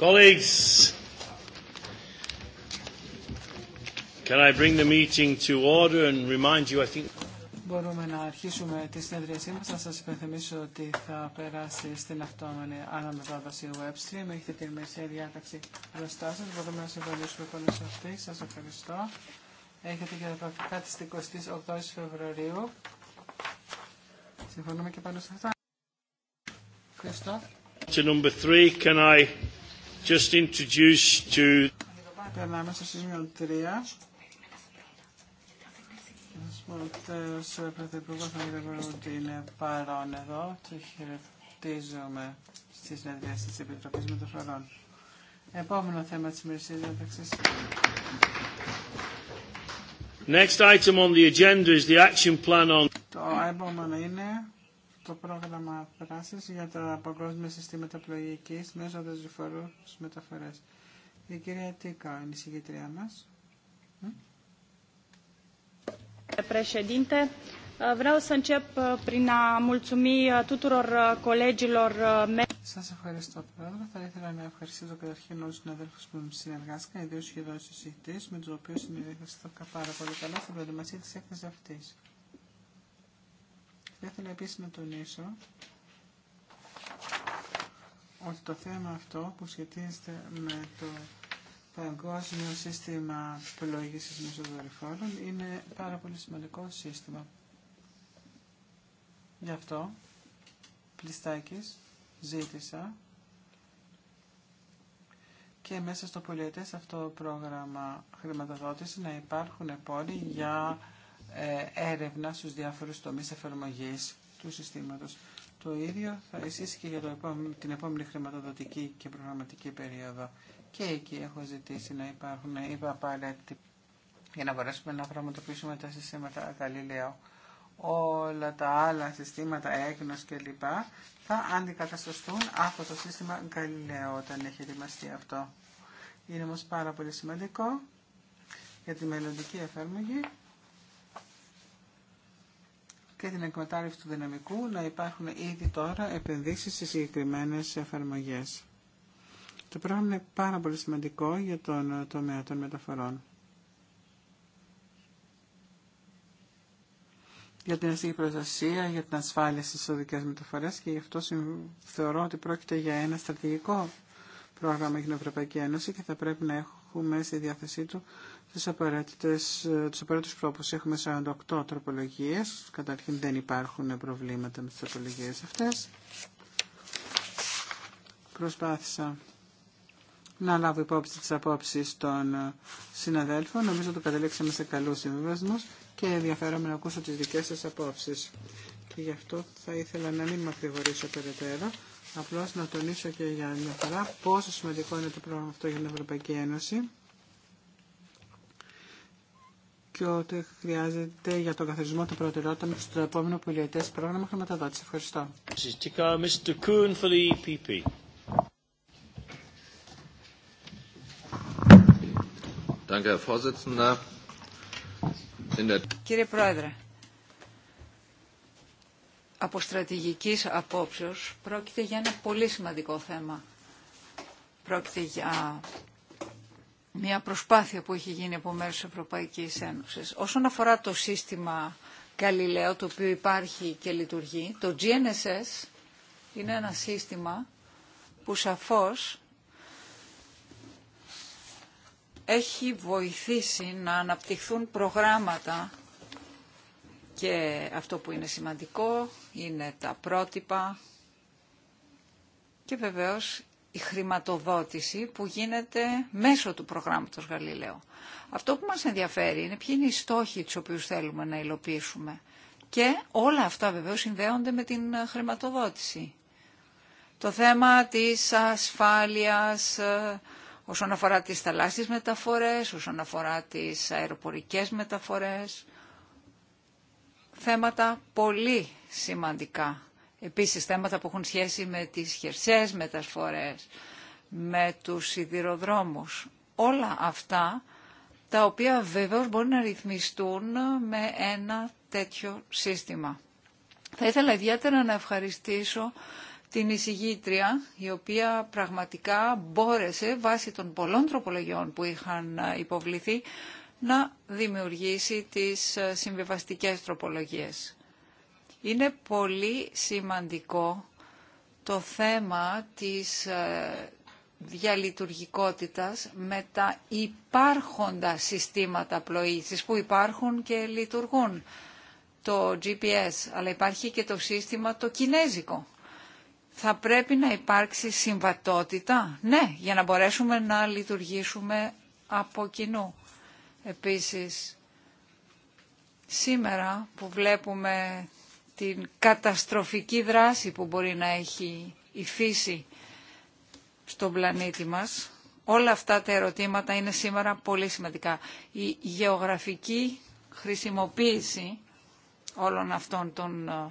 Colleagues, can I bring the meeting to order and remind you, I think... Μπορούμε να αρχίσουμε τη συνεδρίασή μας. Να σας υπενθυμίσω ότι θα περάσει στην αυτόματη αναμετάβαση web stream. Έχετε τη μεσαία διάταξη μπροστά σας. Μπορούμε να συμφωνήσουμε πάνω σε αυτή. Σας ευχαριστώ. Έχετε και τα πρακτικά της 28 Φεβρουαρίου. Συμφωνούμε και πάνω σε αυτά. Ευχαριστώ. To number three, can I just introduce to... Περνάμε στο σημείο 3. Ο ε, Πρωθυπουργό θα δείτε ότι είναι παρόν εδώ και χαιρετίζουμε στη συνεδρία τη Επιτροπή Μεταφορών. Επόμενο θέμα τη ημερησία διάταξη. Next item on the agenda is the action plan on. Το επόμενο είναι το πρόγραμμα δράση για τα παγκόσμια συστήματα πλοϊκή μέσω δεζιφορού μεταφορέ. Η κυρία Τίκα είναι η συγκεκριά μα. Președinte, Σας ευχαριστώ πρόεδρε. Θα ήθελα να ευχαριστήσω καταρχήν όλους τους συναδέλφους που μου συνεργάστηκαν, ιδίως και εδώ στους με τους οποίους συνεργαστήκα πάρα πολύ καλά στην προετοιμασία της έκθεσης αυτής. Θα ήθελα επίση να τονίσω ότι το θέμα αυτό που σχετίζεται με το παγκόσμιο σύστημα υπολογίσης μεσοδορυφόρων είναι πάρα πολύ σημαντικό σύστημα. Γι' αυτό, πλιστάκης, ζήτησα και μέσα στο πολιετές αυτό πρόγραμμα χρηματοδότηση να υπάρχουν πόροι για ε, έρευνα στους διάφορους τομείς εφαρμογής του συστήματος. Το ίδιο θα ισχύσει και για το την επόμενη χρηματοδοτική και προγραμματική περίοδο. Και εκεί έχω ζητήσει να υπάρχουν είπα για να μπορέσουμε να πραγματοποιήσουμε τα συστήματα Γαλιλαίο. Όλα τα άλλα συστήματα έγνωση κλπ. θα αντικαταστοστούν από το σύστημα Γαλιλαίο όταν έχει ετοιμαστεί αυτό. Είναι όμω πάρα πολύ σημαντικό για τη μελλοντική εφαρμογή και την εκμετάλλευση του δυναμικού να υπάρχουν ήδη τώρα επενδύσεις σε συγκεκριμένες εφαρμογές. Το πρόγραμμα είναι πάρα πολύ σημαντικό για τον τομέα των μεταφορών. για την αστική προστασία, για την ασφάλεια στις οδικές μεταφορές και γι' αυτό θεωρώ ότι πρόκειται για ένα στρατηγικό πρόγραμμα για την Ευρωπαϊκή Ένωση και θα πρέπει να έχουμε στη διάθεσή του τις απαραίτητες, τους απαραίτητους πρόπους. Έχουμε 48 τροπολογίες. Καταρχήν δεν υπάρχουν προβλήματα με τις τροπολογίες αυτές. Προσπάθησα να λάβω υπόψη τις απόψεις των συναδέλφων. Νομίζω το καταλήξαμε σε καλούς συμβιβασμούς και ενδιαφέρομαι να ακούσω τις δικές σας απόψεις. Και γι' αυτό θα ήθελα να μην με ακριβωρήσω περαιτέρω, απλώς να τονίσω και για μια φορά πόσο σημαντικό είναι το πρόγραμμα αυτό για την Ευρωπαϊκή Ένωση και ό,τι χρειάζεται για τον καθορισμό των προτεραιότητων στο επόμενο πολιετές πρόγραμμα χρηματοδότηση. Ευχαριστώ. Κύριε Πρόεδρε, από στρατηγικής απόψεως πρόκειται για ένα πολύ σημαντικό θέμα. Πρόκειται για μια προσπάθεια που έχει γίνει από μέρους της Ευρωπαϊκής Ένωσης. Όσον αφορά το σύστημα Galileo, το οποίο υπάρχει και λειτουργεί, το GNSS είναι ένα σύστημα που σαφώς έχει βοηθήσει να αναπτυχθούν προγράμματα και αυτό που είναι σημαντικό είναι τα πρότυπα και βεβαίως η χρηματοδότηση που γίνεται μέσω του προγράμματος Γαλιλαίου. Αυτό που μας ενδιαφέρει είναι ποιοι είναι οι στόχοι τους οποίους θέλουμε να υλοποιήσουμε. Και όλα αυτά βεβαίως συνδέονται με την χρηματοδότηση. Το θέμα της ασφάλειας ε, όσον αφορά τις θαλάσσιες μεταφορές, όσον αφορά τις αεροπορικές μεταφορές. Θέματα πολύ σημαντικά. Επίσης θέματα που έχουν σχέση με τις χερσαίες μεταφορές, με τους σιδηροδρόμους. Όλα αυτά τα οποία βεβαίως μπορεί να ρυθμιστούν με ένα τέτοιο σύστημα. Θα ήθελα ιδιαίτερα να ευχαριστήσω την εισηγήτρια, η οποία πραγματικά μπόρεσε, βάσει των πολλών τροπολογιών που είχαν υποβληθεί, να δημιουργήσει τις συμβιβαστικές τροπολογίες. Είναι πολύ σημαντικό το θέμα της ε, διαλειτουργικότητας με τα υπάρχοντα συστήματα πλοήγησης που υπάρχουν και λειτουργούν. Το GPS, αλλά υπάρχει και το σύστημα το κινέζικο. Θα πρέπει να υπάρξει συμβατότητα, ναι, για να μπορέσουμε να λειτουργήσουμε από κοινού. Επίσης, σήμερα που βλέπουμε την καταστροφική δράση που μπορεί να έχει η φύση στον πλανήτη μας. Όλα αυτά τα ερωτήματα είναι σήμερα πολύ σημαντικά. Η γεωγραφική χρησιμοποίηση όλων αυτών των ε,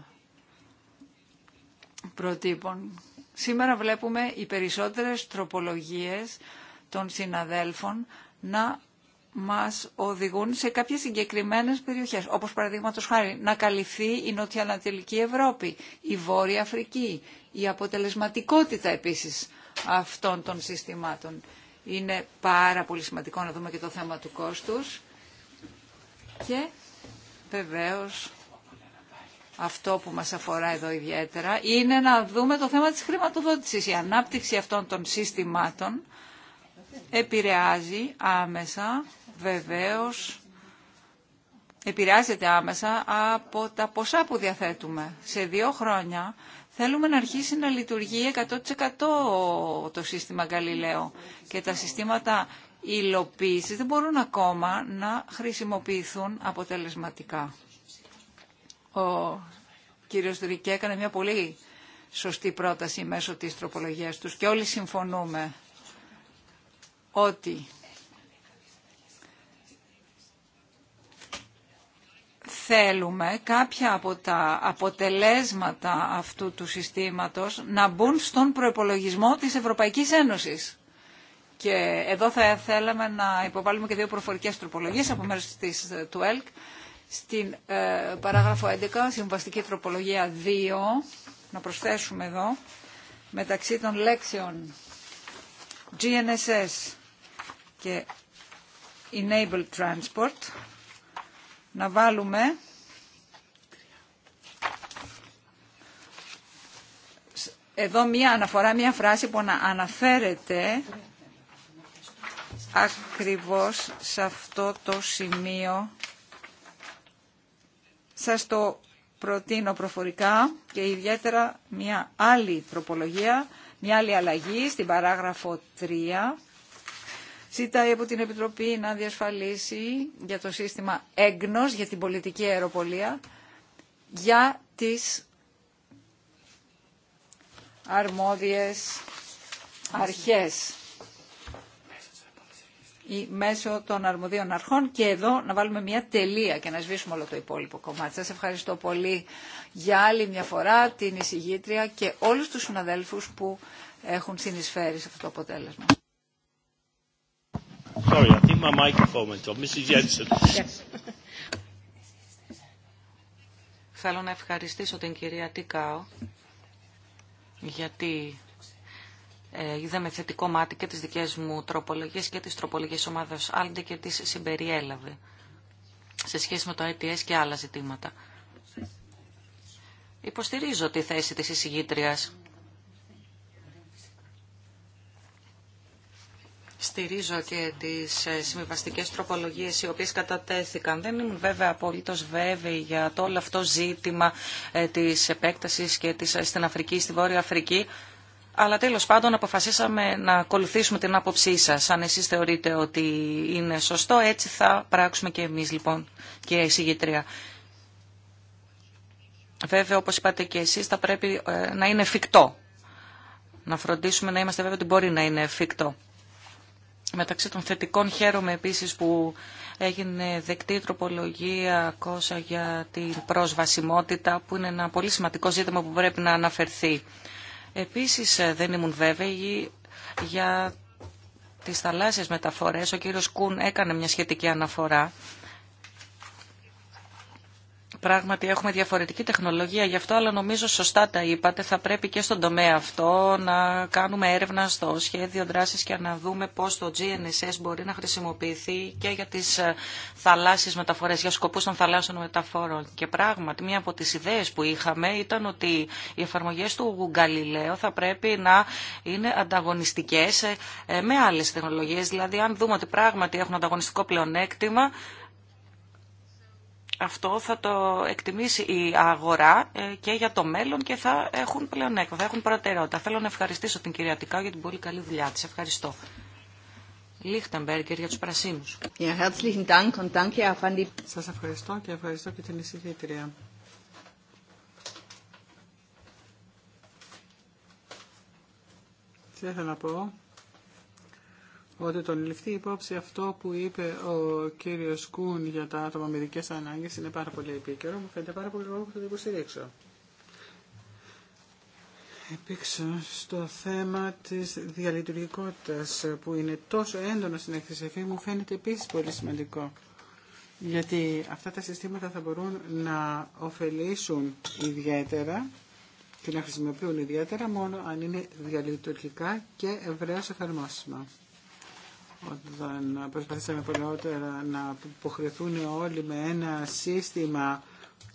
προτύπων. Σήμερα βλέπουμε οι περισσότερες τροπολογίες των συναδέλφων να μας οδηγούν σε κάποιες συγκεκριμένες περιοχές, όπως παραδείγματος χάρη να καλυφθεί η νοτιοανατολική Ευρώπη, η Βόρεια Αφρική, η αποτελεσματικότητα επίσης αυτών των συστημάτων. Είναι πάρα πολύ σημαντικό να δούμε και το θέμα του κόστους και βεβαίως αυτό που μας αφορά εδώ ιδιαίτερα είναι να δούμε το θέμα της χρηματοδότησης. Η ανάπτυξη αυτών των συστημάτων επηρεάζει άμεσα, βεβαίως, επηρεάζεται άμεσα από τα ποσά που διαθέτουμε. Σε δύο χρόνια θέλουμε να αρχίσει να λειτουργεί 100% το σύστημα Γαλιλαίο και τα συστήματα υλοποίησης δεν μπορούν ακόμα να χρησιμοποιηθούν αποτελεσματικά. Ο κύριος Δουρικέ έκανε μια πολύ σωστή πρόταση μέσω της τροπολογίας τους και όλοι συμφωνούμε ότι θέλουμε κάποια από τα αποτελέσματα αυτού του συστήματος να μπουν στον προϋπολογισμό της Ευρωπαϊκής Ένωσης. Και εδώ θα θέλαμε να υποβάλουμε και δύο προφορικές τροπολογίες από μέρους της, ε, του ΕΛΚ. Στην ε, παράγραφο 11, συμβαστική τροπολογία 2, να προσθέσουμε εδώ, μεταξύ των λέξεων GNSS, και Enable Transport να βάλουμε εδώ μία αναφορά, μία φράση που να αναφέρεται ακριβώς σε αυτό το σημείο. Σας το προτείνω προφορικά και ιδιαίτερα μία άλλη τροπολογία, μία άλλη αλλαγή στην παράγραφο 3 Ζητάει από την Επιτροπή να διασφαλίσει για το σύστημα έγνος, για την πολιτική αεροπολία, για τις αρμόδιες αρχές ή μέσω των αρμοδίων αρχών και εδώ να βάλουμε μια τελεία και να σβήσουμε όλο το υπόλοιπο κομμάτι. Σας ευχαριστώ πολύ για άλλη μια φορά την εισηγήτρια και όλους τους συναδέλφους που έχουν συνεισφέρει σε αυτό το αποτέλεσμα. Sorry, I think my microphone went off. Mrs. Jensen. Θέλω να ευχαριστήσω την κυρία Τικάο γιατί ε, είδα με θετικό μάτι και τις δικές μου τροπολογίες και τις τροπολογίες ομάδας Άλντε και τις συμπεριέλαβε σε σχέση με το ITS και άλλα ζητήματα. Υποστηρίζω τη θέση της εισηγήτριας Στηρίζω και τις ε, συμβιβαστικέ τροπολογίες οι οποίες κατατέθηκαν. Δεν ήμουν βέβαια απολύτω, βέβαιη για το όλο αυτό ζήτημα ε, της επέκτασης και της ε, στην Αφρική, στη Βόρεια Αφρική. Αλλά τέλος πάντων αποφασίσαμε να ακολουθήσουμε την άποψή σας. Αν εσείς θεωρείτε ότι είναι σωστό, έτσι θα πράξουμε και εμείς λοιπόν κυρία η Βέβαια, όπως είπατε και εσείς, θα πρέπει να είναι εφικτό. Να φροντίσουμε να είμαστε βέβαια ότι μπορεί να είναι εφικτό. Μεταξύ των θετικών χαίρομαι επίσης που έγινε δεκτή η τροπολογία κόσα για την προσβασιμότητα που είναι ένα πολύ σημαντικό ζήτημα που πρέπει να αναφερθεί. Επίσης ε, δεν ήμουν βέβαιη για τις θαλάσσιες μεταφορές. Ο κύριος Κούν έκανε μια σχετική αναφορά Πράγματι έχουμε διαφορετική τεχνολογία γι' αυτό, αλλά νομίζω σωστά τα είπατε. Θα πρέπει και στον τομέα αυτό να κάνουμε έρευνα στο σχέδιο δράσης και να δούμε πώς το GNSS μπορεί να χρησιμοποιηθεί και για τις ε, θαλάσσιες μεταφορές, για σκοπούς των θαλάσσιων μεταφορών. Και πράγματι, μία από τις ιδέες που είχαμε ήταν ότι οι εφαρμογές του Γκαλιλαίου θα πρέπει να είναι ανταγωνιστικές ε, με άλλες τεχνολογίες. Δηλαδή, αν δούμε ότι πράγματι έχουν ανταγωνιστικό πλεονέκτημα, αυτό θα το εκτιμήσει η αγορά ε, και για το μέλλον και θα έχουν πλεονέκτημα, θα έχουν προτεραιότητα. Θέλω να ευχαριστήσω την κυρία Τικάου για την πολύ καλή δουλειά της. Ευχαριστώ. Λίχτεμπεργκερ για τους πρασίνους. Σας ευχαριστώ και ευχαριστώ και την εισηγήτρια. Τι να πω ότι τον ληφθεί υπόψη αυτό που είπε ο κύριο Κούν για τα άτομα με ειδικέ ανάγκες είναι πάρα πολύ επίκαιρο. Μου φαίνεται πάρα πολύ λόγο που θα το υποστηρίξω. Επίξω στο θέμα της διαλειτουργικότητας που είναι τόσο έντονο στην εκθεσεφή μου φαίνεται επίσης πολύ σημαντικό. Γιατί αυτά τα συστήματα θα μπορούν να ωφελήσουν ιδιαίτερα και να χρησιμοποιούν ιδιαίτερα μόνο αν είναι διαλειτουργικά και ευρέως εφαρμόσιμα όταν προσπαθήσαμε παλαιότερα να υποχρεωθούν όλοι με ένα σύστημα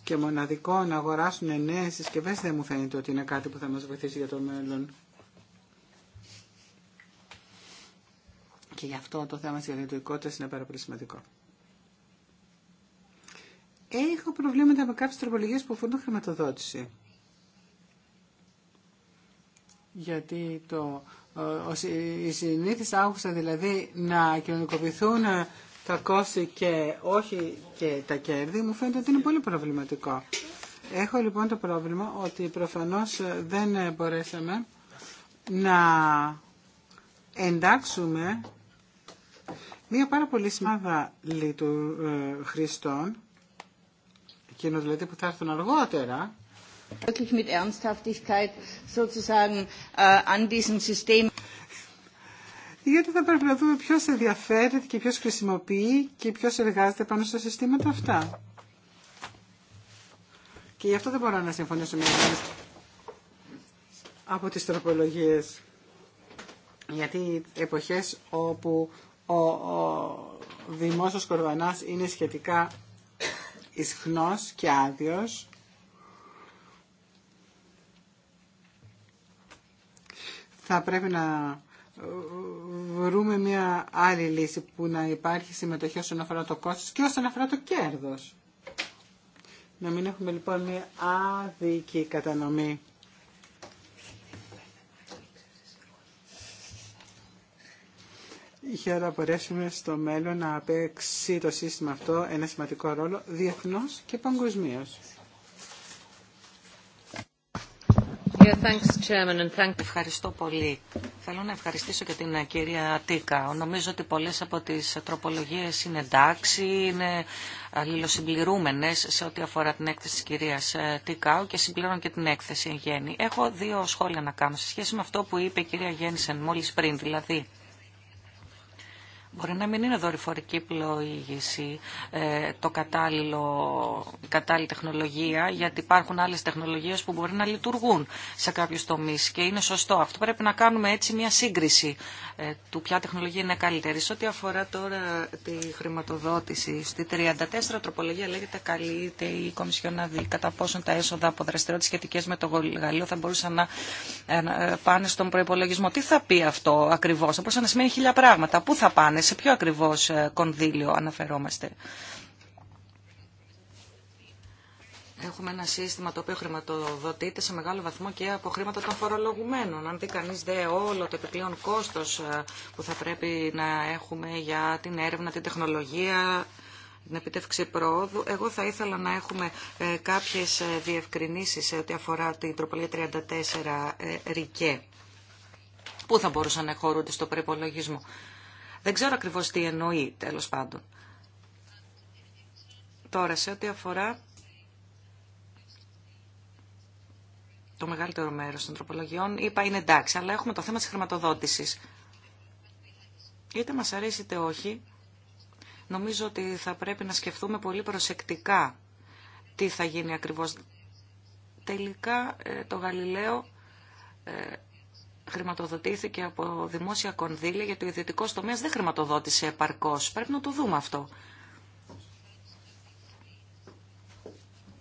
και μοναδικό να αγοράσουν νέε συσκευέ, δεν μου φαίνεται ότι είναι κάτι που θα μας βοηθήσει για το μέλλον. Και γι' αυτό το θέμα της γενετοικότητας είναι πάρα πολύ σημαντικό. Έχω προβλήματα με κάποιες τροπολογίες που αφορούν χρηματοδότηση. Γιατί το οι συνήθεις άγουσα δηλαδή να κοινωνικοποιηθούν ε, τα κόστη και όχι και τα κέρδη, μου φαίνεται ότι είναι πολύ προβληματικό. Έχω λοιπόν το πρόβλημα ότι προφανώς ε, δεν μπορέσαμε να εντάξουμε μία πάρα πολύ σμάδα λίτου ε, χρηστών, εκείνο δηλαδή που θα έρθουν αργότερα, Äh, Γιατί θα πρέπει να δούμε ποιος ενδιαφέρεται και ποιος χρησιμοποιεί και ποιος εργάζεται πάνω στα συστήματα αυτά. Και γι' αυτό δεν μπορώ να συμφωνήσω με εσάς από τις τροπολογίες. Γιατί εποχές όπου ο, ο δημόσιος κορβανάς είναι σχετικά ισχνός και άδειος, θα πρέπει να ε, βρούμε μια άλλη λύση που να υπάρχει συμμετοχή όσον αφορά το κόστος και όσον αφορά το κέρδος. Να μην έχουμε λοιπόν μια άδικη κατανομή. για να μπορέσουμε στο μέλλον να παίξει το σύστημα αυτό ένα σημαντικό ρόλο διεθνώς και παγκοσμίως. Ευχαριστώ πολύ. Θέλω να ευχαριστήσω και την ε, κυρία Τίκα. Νομίζω ότι πολλές από τις τροπολογίες είναι εντάξει, είναι αλληλοσυμπληρούμενες σε ό,τι αφορά την έκθεση της κυρίας ε, Τικάου και συμπληρώνω και την έκθεση εν γέννη. Έχω δύο σχόλια να κάνω σε σχέση με αυτό που είπε η κυρία Γέννησεν μόλις πριν, δηλαδή Μπορεί να μην είναι δορυφορική πλοήγηση ε, το κατάλληλο, η κατάλληλη τεχνολογία, γιατί υπάρχουν άλλες τεχνολογίες που μπορεί να λειτουργούν σε κάποιους τομείς και είναι σωστό. Αυτό πρέπει να κάνουμε έτσι μια σύγκριση ε, του ποια τεχνολογία είναι καλύτερη. Σε ό,τι αφορά τώρα τη χρηματοδότηση, στη 34 τροπολογία λέγεται καλείται η Κομισιόν να δει κατά πόσον τα έσοδα από δραστηριότητες σχετικές με το Γαλλίο θα μπορούσαν να ε, πάνε στον προπολογισμό. Τι θα πει αυτό ακριβώς, θα μπορούσε να σημαίνει χίλια πράγματα. Πού θα πάνε, σε ποιο ακριβώς ε, κονδύλιο αναφερόμαστε. Έχουμε ένα σύστημα το οποίο χρηματοδοτείται σε μεγάλο βαθμό και από χρήματα των φορολογουμένων. Αν δει κανεί όλο το επιπλέον κόστος ε, που θα πρέπει να έχουμε για την έρευνα, την τεχνολογία, την επιτεύξη προόδου, εγώ θα ήθελα να έχουμε ε, κάποιε διευκρινήσει σε ό,τι αφορά την Τροπολία 34 ΡΙΚΕ. Πού θα μπορούσαν να χωρούνται στο προπολογισμό. Δεν ξέρω ακριβώς τι εννοεί, τέλος πάντων. Τώρα, σε ό,τι αφορά το μεγαλύτερο μέρος των τροπολογιών, είπα είναι εντάξει, αλλά έχουμε το θέμα της χρηματοδότησης. Είτε μας αρέσει είτε όχι, νομίζω ότι θα πρέπει να σκεφτούμε πολύ προσεκτικά τι θα γίνει ακριβώς. Τελικά ε, το Γαλιλαίο ε, χρηματοδοτήθηκε από δημόσια κονδύλια γιατί ο ιδιωτικό τομέα δεν χρηματοδότησε επαρκώ. Πρέπει να το δούμε αυτό.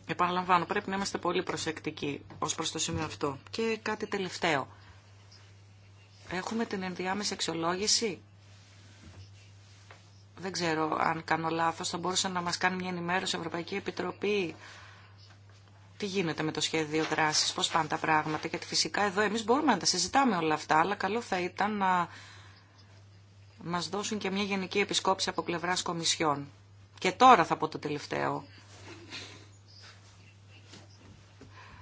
Επαναλαμβάνω, πρέπει να είμαστε πολύ προσεκτικοί ω προ το σημείο αυτό. Και κάτι τελευταίο. Έχουμε την ενδιάμεση αξιολόγηση. Δεν ξέρω αν κάνω λάθος, θα μπορούσε να μας κάνει μια ενημέρωση η Ευρωπαϊκή Επιτροπή τι γίνεται με το σχέδιο δράσης, πώς πάνε τα πράγματα. Γιατί φυσικά εδώ εμείς μπορούμε να τα συζητάμε όλα αυτά, αλλά καλό θα ήταν να μας δώσουν και μια γενική επισκόπηση από πλευράς κομισιών. Και τώρα θα πω το τελευταίο.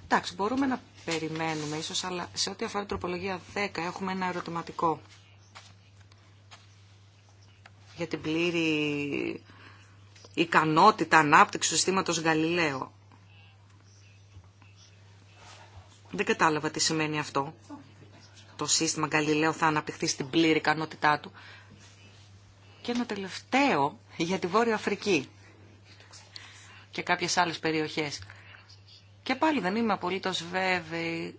Εντάξει, μπορούμε να περιμένουμε ίσως, αλλά σε ό,τι αφορά την τροπολογία 10 έχουμε ένα ερωτηματικό για την πλήρη ικανότητα ανάπτυξης του συστήματος Γαλιλαίου. Δεν κατάλαβα τι σημαίνει αυτό. Το σύστημα Γαλιλαίο θα αναπτυχθεί στην πλήρη ικανότητά του. Και ένα τελευταίο για τη Βόρεια Αφρική και κάποιες άλλες περιοχές. Και πάλι δεν είμαι απολύτως βέβαιη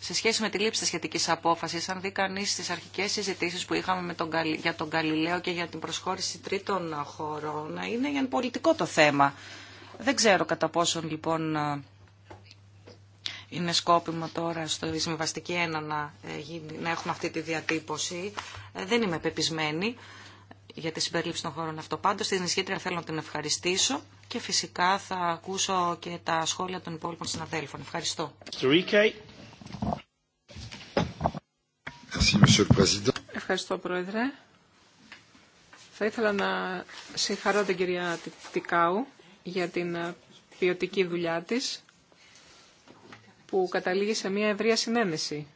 σε σχέση με τη λήψη της σχετικής απόφασης, αν δει κανείς τις αρχικές συζητήσεις που είχαμε με τον, για τον Γαλιλαίο και για την προσχώρηση τρίτων χωρών, είναι για πολιτικό το θέμα. Δεν ξέρω κατά πόσον λοιπόν είναι σκόπιμο τώρα στο Συμβαστική Ένα να, ε, να έχουμε αυτή τη διατύπωση. Ε, δεν είμαι πεπισμένη για τη συμπερίληψη των χώρων αυτό. Πάντως, την ισχύτρια θέλω να την ευχαριστήσω και φυσικά θα ακούσω και τα σχόλια των υπόλοιπων συναδέλφων. Ευχαριστώ. Ευχαριστώ, Πρόεδρε. Θα ήθελα να συγχαρώ την κυρία Τικάου για την ε, ποιοτική δουλειά της που καταλήγει σε μια ευρεία συνένεση.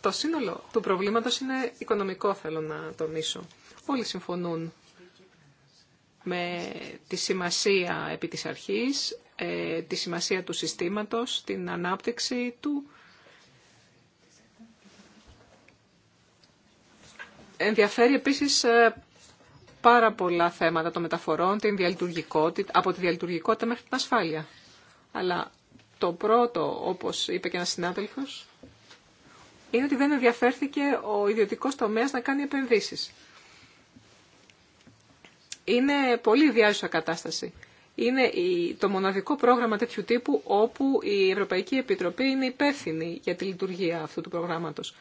Το σύνολο του προβλήματος είναι οικονομικό, θέλω να τονίσω. Όλοι συμφωνούν με τη σημασία επί της αρχής, ε, τη σημασία του συστήματος, την ανάπτυξη του. Ενδιαφέρει επίσης ε, πάρα πολλά θέματα των μεταφορών, την διαλειτουργικότητα, από τη διαλειτουργικότητα μέχρι την ασφάλεια. Αλλά το πρώτο, όπως είπε και ένας συνάδελφος, είναι ότι δεν ενδιαφέρθηκε ο ιδιωτικός τομέας να κάνει επενδύσεις. Είναι πολύ διάζουσα κατάσταση. Είναι το μοναδικό πρόγραμμα τέτοιου τύπου όπου η Ευρωπαϊκή Επιτροπή είναι υπεύθυνη για τη λειτουργία αυτού του προγράμματος.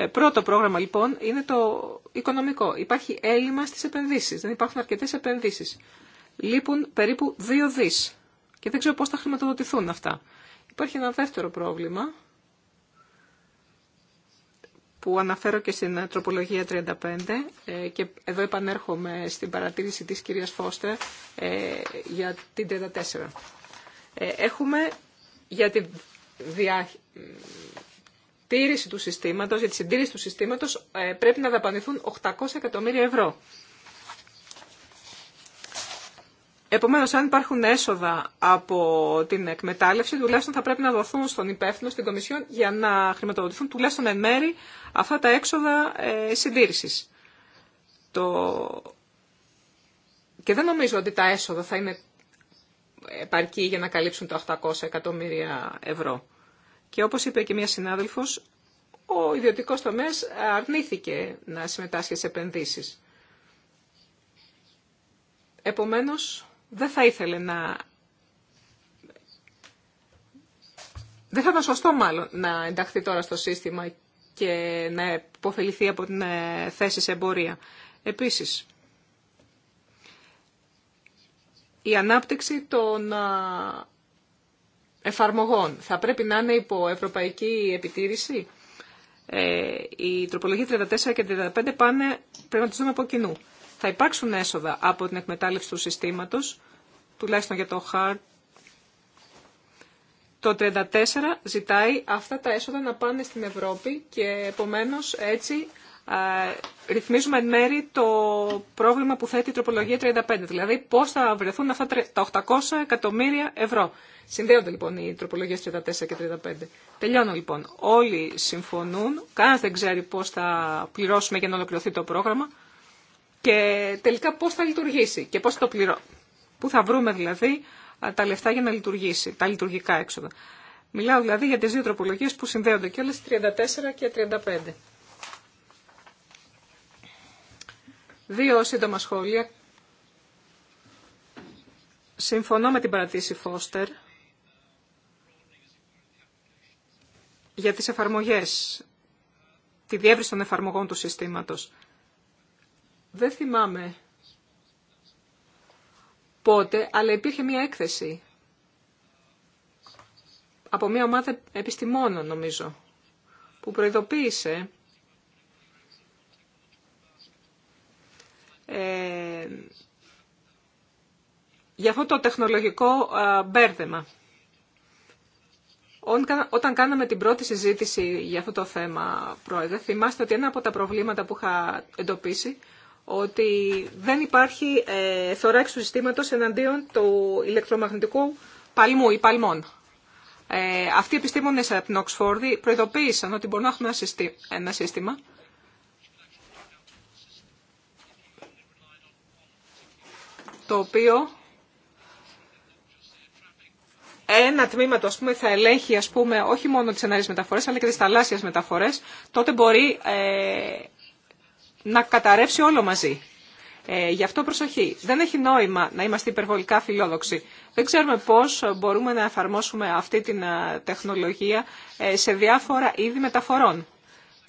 Ε, πρώτο πρόγραμμα λοιπόν είναι το οικονομικό. Υπάρχει έλλειμμα στις επενδύσεις, δεν υπάρχουν αρκετές επενδύσεις. Λείπουν περίπου δύο δις και δεν ξέρω πώς θα χρηματοδοτηθούν αυτά. Υπάρχει ένα δεύτερο πρόβλημα που αναφέρω και στην τροπολογία 35 ε, και εδώ επανέρχομαι στην παρατήρηση της κυρίας Φώστερ ε, για την 34. Έχουμε για τη διάχυση τήρηση του συστήματος, για τη συντήρηση του συστήματος ε, πρέπει να δαπανηθούν 800 εκατομμύρια ευρώ. Επομένως, αν υπάρχουν έσοδα από την εκμετάλλευση, τουλάχιστον θα πρέπει να δοθούν στον υπεύθυνο, στην Κομισιόν, για να χρηματοδοτηθούν τουλάχιστον εν μέρη αυτά τα έξοδα ε, συντήρησης. Το... Και δεν νομίζω ότι τα έσοδα θα είναι επαρκή για να καλύψουν τα 800 εκατομμύρια ευρώ. Και όπως είπε και μια συνάδελφος, ο ιδιωτικός τομέας αρνήθηκε να συμμετάσχει σε επενδύσεις. Επομένως, δεν θα ήθελε να... Δεν θα ήταν σωστό μάλλον να ενταχθεί τώρα στο σύστημα και να υποφεληθεί από την ε, θέση σε εμπορία. Επίσης, η ανάπτυξη των ε, εφαρμογών θα πρέπει να είναι υπό ευρωπαϊκή επιτήρηση. Ε, τροπολογία τροπολογία 34 και 35 πάνε, πρέπει να τις δούμε από κοινού. Θα υπάρξουν έσοδα από την εκμετάλλευση του συστήματος, τουλάχιστον για το hard. Το 34 ζητάει αυτά τα έσοδα να πάνε στην Ευρώπη και επομένως έτσι ε, ρυθμίζουμε εν μέρη το πρόβλημα που θέτει η τροπολογία 35, δηλαδή πώς θα βρεθούν αυτά τα 800 εκατομμύρια ευρώ. Συνδέονται λοιπόν οι τροπολογίες 34 και 35. Τελειώνω λοιπόν. Όλοι συμφωνούν, κανένας δεν ξέρει πώς θα πληρώσουμε για να ολοκληρωθεί το πρόγραμμα και τελικά πώς θα λειτουργήσει και πώς θα το πληρώ. Πού θα βρούμε δηλαδή τα λεφτά για να λειτουργήσει, τα λειτουργικά έξοδα. Μιλάω δηλαδή για τις δύο τροπολογίες που συνδέονται και όλες 34 και 35. Δύο σύντομα σχόλια. Συμφωνώ με την παρατήση Φώστερ για τις εφαρμογές, τη διεύρυνση των εφαρμογών του συστήματος. Δεν θυμάμαι πότε, αλλά υπήρχε μία έκθεση από μία ομάδα επιστημόνων, νομίζω, που προειδοποίησε ε, για αυτό το τεχνολογικό ε, μπέρδεμα. Όταν κάναμε την πρώτη συζήτηση για αυτό το θέμα, Πρόεδρε, θυμάστε ότι ένα από τα προβλήματα που είχα εντοπίσει ότι δεν υπάρχει ε, του συστήματος εναντίον του ηλεκτρομαγνητικού παλμού ή παλμών. Ε, αυτοί οι επιστήμονες από την Οξφόρδη προειδοποίησαν ότι μπορούμε να έχουμε ένα σύστημα το οποίο ένα τμήμα του ας πούμε, θα ελέγχει ας πούμε, όχι μόνο τις ενέργειες μεταφορές αλλά και τις θαλάσσιες μεταφορές, τότε μπορεί ε, να καταρρεύσει όλο μαζί. Ε, γι' αυτό προσοχή. Δεν έχει νόημα να είμαστε υπερβολικά φιλόδοξοι. Δεν ξέρουμε πώς μπορούμε να εφαρμόσουμε αυτή την ε, τεχνολογία ε, σε διάφορα είδη μεταφορών.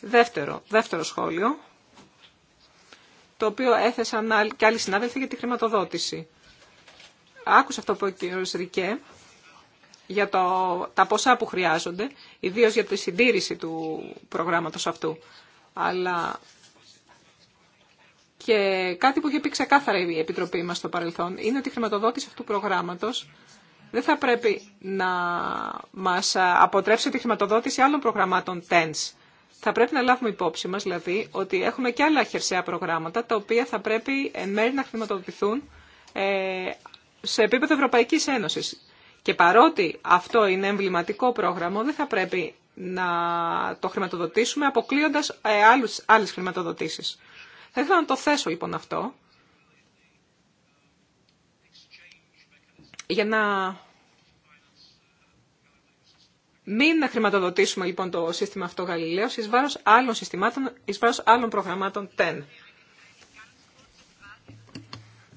Δεύτερο, δεύτερο σχόλιο, το οποίο έθεσαν και άλλοι συνάδελφοι για τη χρηματοδότηση. Άκουσα αυτό που είπε ο κ. Ρικέ, για το, τα ποσά που χρειάζονται, ιδίως για τη συντήρηση του προγράμματος αυτού. Αλλά και κάτι που είχε πει ξεκάθαρα η Επιτροπή μας στο παρελθόν είναι ότι η χρηματοδότηση αυτού του προγράμματος δεν θα πρέπει να μας αποτρέψει τη χρηματοδότηση άλλων προγραμμάτων TENS. Θα πρέπει να λάβουμε υπόψη μας, δηλαδή, ότι έχουμε και άλλα χερσαία προγράμματα, τα οποία θα πρέπει εν μέρει να χρηματοδοτηθούν ε, σε επίπεδο Ευρωπαϊκής Ένωσης. Και παρότι αυτό είναι εμβληματικό πρόγραμμα, δεν θα πρέπει να το χρηματοδοτήσουμε αποκλείοντας ε, άλλους, άλλες χρηματοδοτήσεις. Θα ήθελα να το θέσω λοιπόν αυτό για να μην χρηματοδοτήσουμε λοιπόν το σύστημα αυτό Γαλιλαίος εις βάρος άλλων συστημάτων, εις βάρος άλλων προγραμμάτων TEN.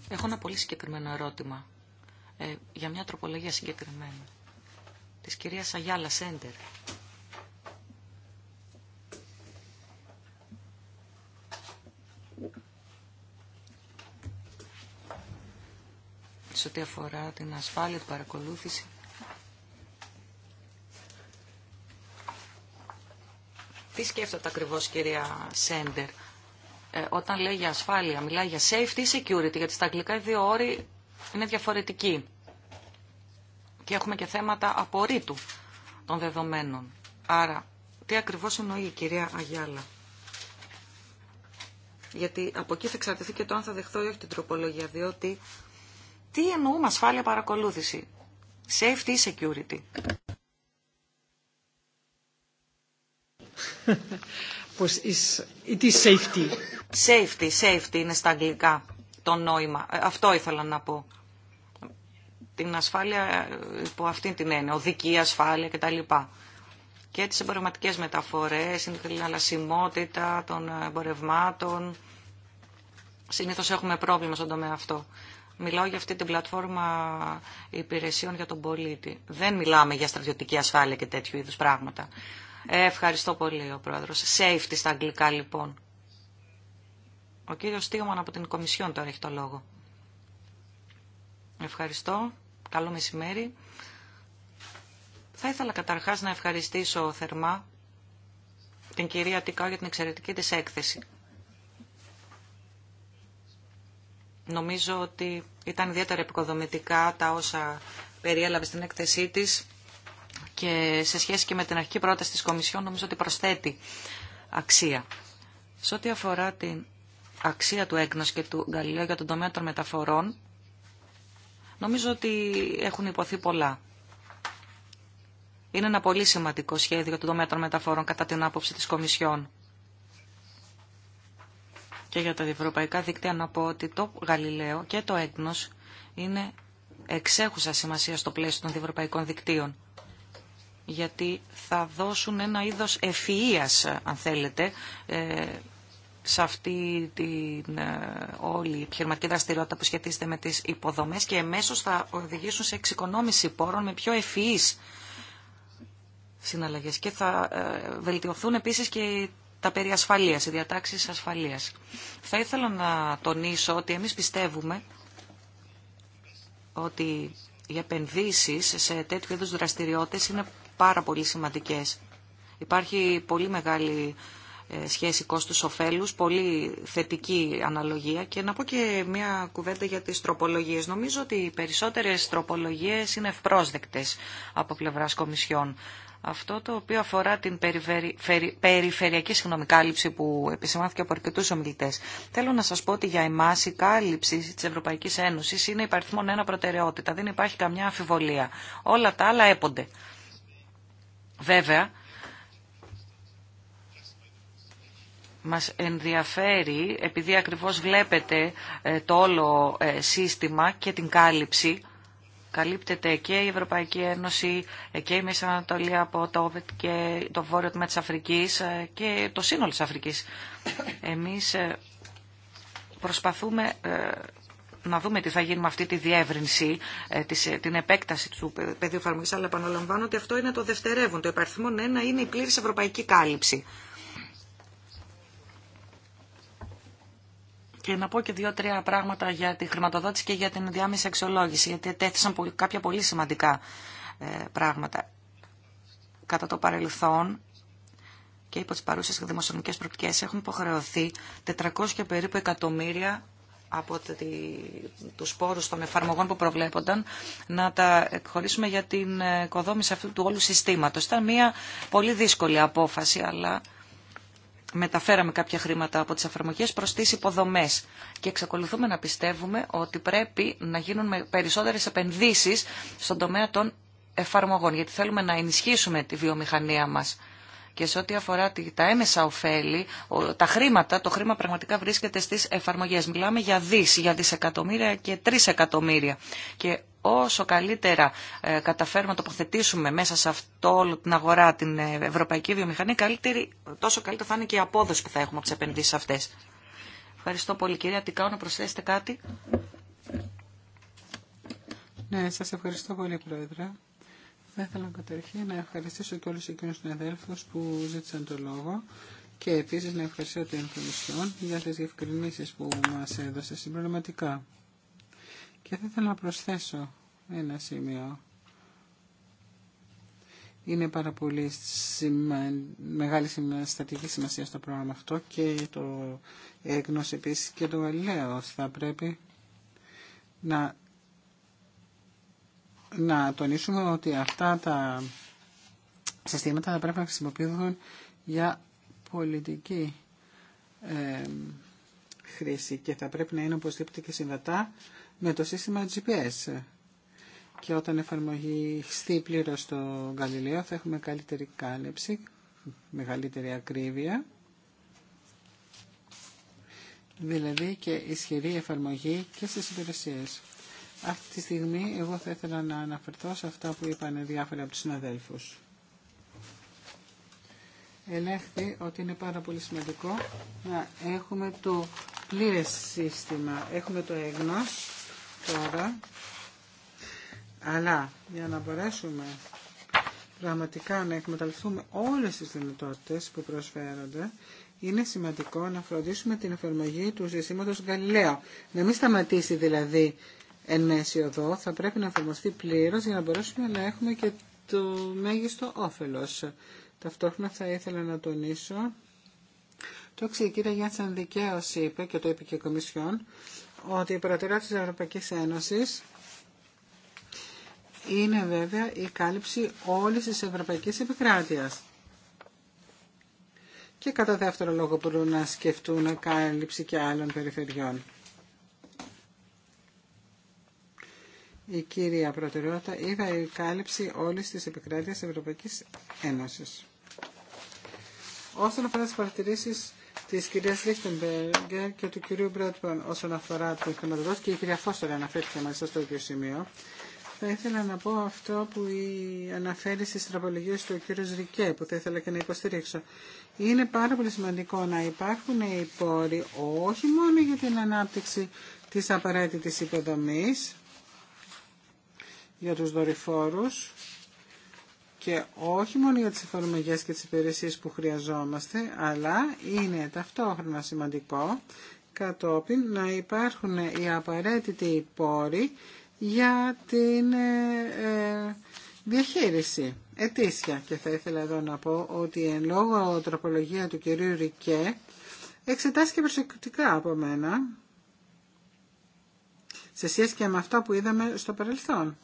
Έχω ένα πολύ συγκεκριμένο ερώτημα ε, για μια τροπολογία συγκεκριμένη, της κυρίας Αγιάλα Σέντερ. Σε ό,τι αφορά την ασφάλεια, την παρακολούθηση, Τι σκέφτεται ακριβώς κυρία Σέντερ ε, όταν λέει για ασφάλεια, μιλάει για safety security, γιατί στα αγγλικά οι δύο όροι είναι διαφορετική και έχουμε και θέματα απορρίτου των δεδομένων. Άρα, τι ακριβώς εννοεί η κυρία Αγιάλα. Γιατί από εκεί θα εξαρτηθεί και το αν θα δεχθώ ή όχι την τροπολογία, διότι τι εννοούμε ασφάλεια παρακολούθηση. Safety ή security. It is safety. Safety, safety είναι στα αγγλικά το νόημα. Ε, αυτό ήθελα να πω. Την ασφάλεια ε, υπό αυτή την έννοια, οδική ασφάλεια κτλ. Και τις εμπορευματικές μεταφορές, την αλασιμότητα των εμπορευμάτων. Συνήθως έχουμε πρόβλημα στον τομέα αυτό. Μιλάω για αυτή την πλατφόρμα υπηρεσιών για τον πολίτη. Δεν μιλάμε για στρατιωτική ασφάλεια και τέτοιου είδους πράγματα. Ε, ευχαριστώ πολύ ο πρόεδρος. Safety στα αγγλικά λοιπόν. Ο κύριος Στίγμαν από την Κομισιόν τώρα έχει το λόγο. Ευχαριστώ. Καλό μεσημέρι. Θα ήθελα καταρχάς να ευχαριστήσω θερμά την κυρία Τικάου για την εξαιρετική της έκθεση. Νομίζω ότι ήταν ιδιαίτερα επικοδομητικά τα όσα περιέλαβε στην έκθεσή της και σε σχέση και με την αρχική πρόταση της Κομισιόν νομίζω ότι προσθέτει αξία. Σε ό,τι αφορά την αξία του Έγνος και του Γκαλιλαίου για τον τομέα των μεταφορών, νομίζω ότι έχουν υποθεί πολλά. Είναι ένα πολύ σημαντικό σχέδιο για τον τομέα των μεταφορών κατά την άποψη της Κομισιόν. Και για τα ευρωπαϊκά δίκτυα να πω ότι το Γαλιλαίο και το Έγνος είναι εξέχουσα σημασία στο πλαίσιο των διευρωπαϊκών δικτύων γιατί θα δώσουν ένα είδος ευφυΐας, αν θέλετε, ε, σε αυτή την ε, όλη επιχειρηματική δραστηριότητα που σχετίζεται με τις υποδομές και εμέσως θα οδηγήσουν σε εξοικονόμηση πόρων με πιο ευφυείς συναλλαγές και θα ε, βελτιωθούν επίσης και τα περί ασφαλείας, οι διατάξεις ασφαλείας. Θα ήθελα να τονίσω ότι εμείς πιστεύουμε ότι οι επενδύσεις σε τέτοιου είδους δραστηριότητες είναι πάρα πολύ σημαντικές. Υπάρχει πολύ μεγάλη ε, σχεση κόστου κόστους-οφέλους, πολύ θετική αναλογία και να πω και μια κουβέντα για τις τροπολογίες. Νομίζω ότι οι περισσότερες τροπολογίες είναι ευπρόσδεκτες από πλευράς κομισιών Αυτό το οποίο αφορά την περιφερειακή συγγνώμη, κάλυψη που επισημάθηκε από αρκετού ομιλητέ. Θέλω να σα πω ότι για εμά η κάλυψη τη Ευρωπαϊκή Ένωση είναι υπαριθμόν ένα προτεραιότητα. Δεν υπάρχει καμιά αμφιβολία. Όλα τα άλλα έπονται. Βέβαια, μας ενδιαφέρει, επειδή ακριβώς βλέπετε ε, το όλο ε, σύστημα και την κάλυψη, καλύπτεται και η Ευρωπαϊκή Ένωση ε, και η Μέση Ανατολή από το ΟΒΕΤ και το βόρειο τμήμα της Αφρικής και το σύνολο της Αφρικής. Εμείς προσπαθούμε να δούμε τι θα γίνει με αυτή τη διεύρυνση, την επέκταση του πεδίου εφαρμογή, αλλά επαναλαμβάνω ότι αυτό είναι το δευτερεύον. Το υπαριθμό 1 είναι η πλήρης ευρωπαϊκή κάλυψη. Και να πω και δύο-τρία πράγματα για τη χρηματοδότηση και για την διάμεση αξιολόγηση, γιατί τέθησαν κάποια πολύ σημαντικά ε, πράγματα. Κατά το παρελθόν και υπό τις παρούσες δημοσιονομικές προπτικές έχουν υποχρεωθεί 400 και περίπου εκατομμύρια από τους πόρους των εφαρμογών που προβλέπονταν να τα χωρίσουμε για την οικοδόμηση αυτού του όλου συστήματος. Ήταν μια πολύ δύσκολη απόφαση, αλλά μεταφέραμε κάποια χρήματα από τις εφαρμογέ προς τις υποδομές και εξακολουθούμε να πιστεύουμε ότι πρέπει να γίνουν περισσότερε περισσότερες επενδύσεις στον τομέα των εφαρμογών γιατί θέλουμε να ενισχύσουμε τη βιομηχανία μας και σε ό,τι αφορά τα έμεσα ωφέλη, τα χρήματα, το χρήμα πραγματικά βρίσκεται στις εφαρμογές. Μιλάμε για δις, για δισεκατομμύρια και τρισεκατομμύρια. Και όσο καλύτερα ε, καταφέρουμε να τοποθετήσουμε μέσα σε αυτό όλη την αγορά την ε, ευρωπαϊκή βιομηχανία, καλύτερη, τόσο καλύτερο θα είναι και η απόδοση που θα έχουμε από τι επενδύσει αυτέ. Ευχαριστώ πολύ. Κυρία Τικάου, να προσθέσετε κάτι. Ναι, σας ευχαριστώ πολύ, Πρόεδρε. Θα ήθελα καταρχήν να ευχαριστήσω και όλους εκείνους τους αδέλφους που ζήτησαν το λόγο και επίσης να ευχαριστώ την Κομισιόν για τις διευκρινήσεις που μας έδωσε συμπληρωματικά. Και θα ήθελα να προσθέσω ένα σημείο. Είναι πάρα πολύ σημα... μεγάλη στατική σημασία στο πρόγραμμα αυτό και το έγνος επίσης και το ελαίος θα πρέπει να... να τονίσουμε ότι αυτά τα συστήματα θα πρέπει να χρησιμοποιηθούν για πολιτική χρήση και θα πρέπει να είναι οπωσδήποτε και συμβατά με το σύστημα GPS. Και όταν εφαρμογηθεί πλήρω το Γαλιλαίο θα έχουμε καλύτερη κάλυψη, μεγαλύτερη ακρίβεια. Δηλαδή και ισχυρή εφαρμογή και στις υπηρεσίες. Αυτή τη στιγμή εγώ θα ήθελα να αναφερθώ σε αυτά που είπαν διάφοροι από τους συναδέλφους. Ελέγχθη ότι είναι πάρα πολύ σημαντικό να έχουμε το πλήρες σύστημα. Έχουμε το έγνος τώρα, αλλά για να μπορέσουμε πραγματικά να εκμεταλλευτούμε όλες τις δυνατότητες που προσφέρονται, είναι σημαντικό να φροντίσουμε την εφαρμογή του ζητήματος Γαλιλαίου. Να μην σταματήσει δηλαδή εν μέση οδό, θα πρέπει να εφαρμοστεί πλήρως για να μπορέσουμε να έχουμε και το μέγιστο όφελος. Ταυτόχρονα θα ήθελα να τονίσω το ξεκίνητα για τι δικαίωση, είπε και το είπε και η Κομισιόν, ότι η προτεραιότητα της Ευρωπαϊκής Ένωσης είναι βέβαια η κάλυψη όλης της ευρωπαϊκής επικράτειας. Και κατά δεύτερο λόγο μπορούν να σκεφτούν κάλυψη και άλλων περιφερειών. Η κύρια προτεραιότητα είδα η κάλυψη όλης της επικράτειας Ευρωπαϊκής Ένωσης. Όσον αφορά τις παρατηρήσεις Τη κύρια Λίχτεμπεργκερ και του κυρίου Μπρέτμαν όσον αφορά το χρηματοδότηση και η κυρία Φώστορ αναφέρθηκε μάλιστα στο ίδιο σημείο. Θα ήθελα να πω αυτό που η αναφέρει στις τραπολογίες του κύριου Ρικέ που θα ήθελα και να υποστηρίξω. Είναι πάρα πολύ σημαντικό να υπάρχουν οι πόροι όχι μόνο για την ανάπτυξη τη απαραίτητη υποδομή για τους δορυφόρους και όχι μόνο για τις εφαρμογές και τις υπηρεσίες που χρειαζόμαστε, αλλά είναι ταυτόχρονα σημαντικό κατόπιν να υπάρχουν οι απαραίτητοι πόροι για την ε, ε διαχείριση ετήσια. Και θα ήθελα εδώ να πω ότι εν λόγω τροπολογία του κυρίου Ρικέ εξετάστηκε προσεκτικά από μένα σε σχέση και με αυτά που είδαμε στο παρελθόν.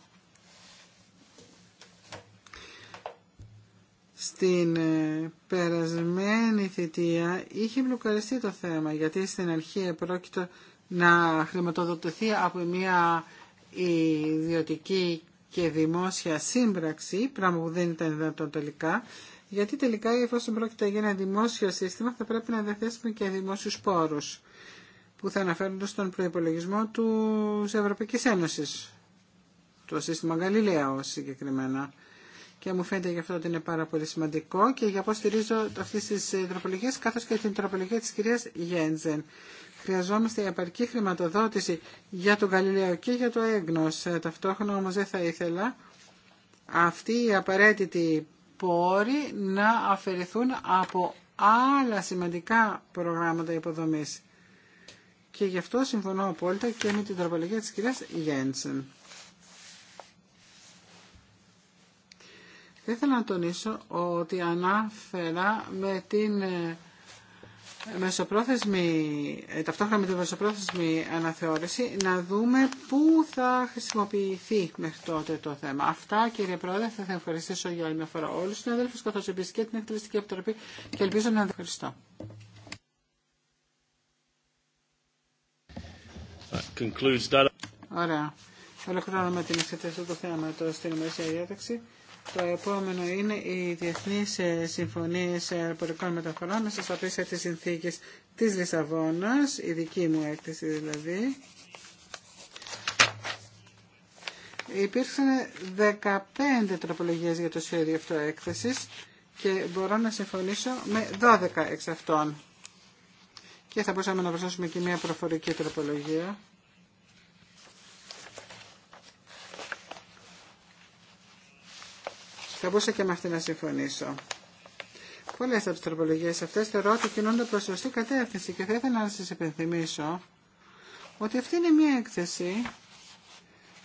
στην ε, περασμένη θητεία είχε μπλοκαριστεί το θέμα γιατί στην αρχή πρόκειται να χρηματοδοτηθεί από μια ιδιωτική και δημόσια σύμπραξη, πράγμα που δεν ήταν δυνατόν τελικά, γιατί τελικά εφόσον πρόκειται για ένα δημόσιο σύστημα θα πρέπει να διαθέσουμε και δημόσιους πόρους που θα αναφέρονται στον προϋπολογισμό του Ευρωπαϊκής Ένωσης, το σύστημα Γαλιλαίο συγκεκριμένα και μου φαίνεται γι' αυτό ότι είναι πάρα πολύ σημαντικό και για πώς στηρίζω αυτές τις τροπολογίες καθώς και την τροπολογία της κυρίας Γέντζεν. Χρειαζόμαστε επαρκή χρηματοδότηση για τον Γαλιλαίο και για το έγνος. Ε, ταυτόχρονα όμως δεν θα ήθελα αυτοί οι απαραίτητοι πόροι να αφαιρεθούν από άλλα σημαντικά προγράμματα υποδομής. Και γι' αυτό συμφωνώ απόλυτα και με την τροπολογία της κυρίας Γέντζεν. Θα ήθελα να τονίσω ότι ανάφερα με την ε, μεσοπρόθεσμη, ε, ταυτόχρονα με την μεσοπρόθεσμη αναθεώρηση να δούμε πού θα χρησιμοποιηθεί μέχρι τότε το θέμα. Αυτά κύριε Πρόεδρε θα, θα ευχαριστήσω για άλλη μια φορά όλου του συναδέλφου, Καθώ επίση και την Εκτελεστική Επιτροπή και ελπίζω να ευχαριστώ. That Ωραία. Ολοκληρώνουμε την εξετασία του θέματος στην ημερήσια διάταξη. Το επόμενο είναι οι διεθνεί ε, συμφωνίε αεροπορικών μεταφορών μέσα στα πλαίσια τη συνθήκης της Λισαβόνας, η δική μου έκθεση δηλαδή. Υπήρξαν 15 τροπολογίε για το σχέδιο αυτό έκθεση και μπορώ να συμφωνήσω με 12 εξ αυτών. Και θα μπορούσαμε να προσθέσουμε και μια προφορική τροπολογία. Θα μπορούσα και με αυτή να συμφωνήσω. Πολλέ από τι τροπολογίε αυτέ θεωρώ ότι κινούνται προ σωστή κατεύθυνση και θα ήθελα να σα επενθυμίσω ότι αυτή είναι μια έκθεση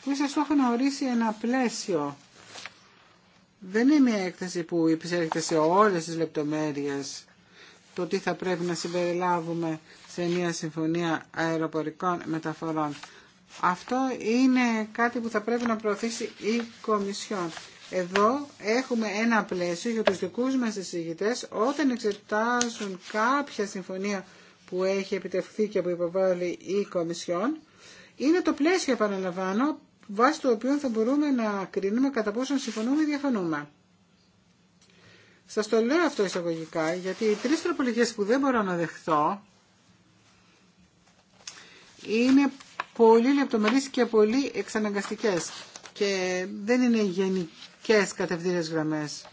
που ίσω έχω να ορίσει ένα πλαίσιο. Δεν είναι μια έκθεση που υπησέρχεται σε όλε τι λεπτομέρειε το τι θα πρέπει να συμπεριλάβουμε σε μια συμφωνία αεροπορικών μεταφορών. Αυτό είναι κάτι που θα πρέπει να προωθήσει η Κομισιόν. Εδώ έχουμε ένα πλαίσιο για τους δικούς μας εισηγητές όταν εξετάζουν κάποια συμφωνία που έχει επιτευχθεί και που υποβάλλει η Κομισιόν. Είναι το πλαίσιο, επαναλαμβάνω, βάσει του οποίου θα μπορούμε να κρίνουμε κατά πόσον συμφωνούμε ή διαφωνούμε. Σας το λέω αυτό εισαγωγικά, γιατί οι τρεις τροπολογίες που δεν μπορώ να δεχθώ είναι πολύ λεπτομερείς και πολύ εξαναγκαστικές και δεν είναι γενική και στις κατευθύνες γραμμές.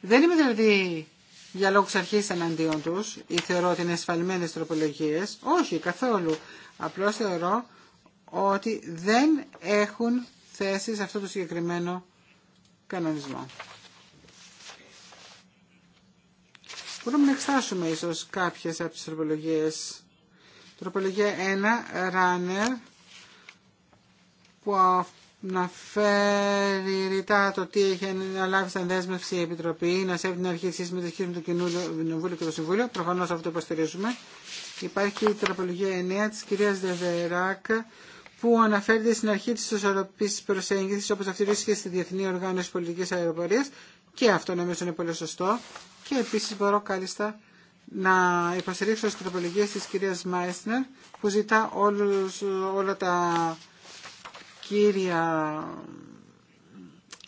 Δεν είμαι δηλαδή για λόγους αρχής εναντίον τους ή θεωρώ ότι είναι εσφαλμένες τροπολογίες. Όχι, καθόλου. Απλώς θεωρώ ότι δεν έχουν θέση σε αυτό το συγκεκριμένο κανονισμό. Μπορούμε να εξάσουμε ίσως κάποιες από τις τροπολογίες. Τροπολογία 1, Runner, που να φέρει ρητά το τι έχει αναλάβει σαν δέσμευση η Επιτροπή, να σέβει την αρχή τη σχέση με το Κοινοβούλιο και το Συμβούλιο. Προφανώ αυτό το υποστηρίζουμε. Υπάρχει η τραπολογία 9 τη κυρία Δεβεράκ που αναφέρεται στην αρχή τη ισορροπή προσέγγιση όπω αυτή βρίσκεται στη Διεθνή Οργάνωση Πολιτική Αεροπορία και αυτό νομίζω είναι πολύ σωστό. Και επίση μπορώ κάλλιστα να υποστηρίξω τι τροπολογίε τη κυρία Μάισνερ που ζητά όλους, όλα τα κύρια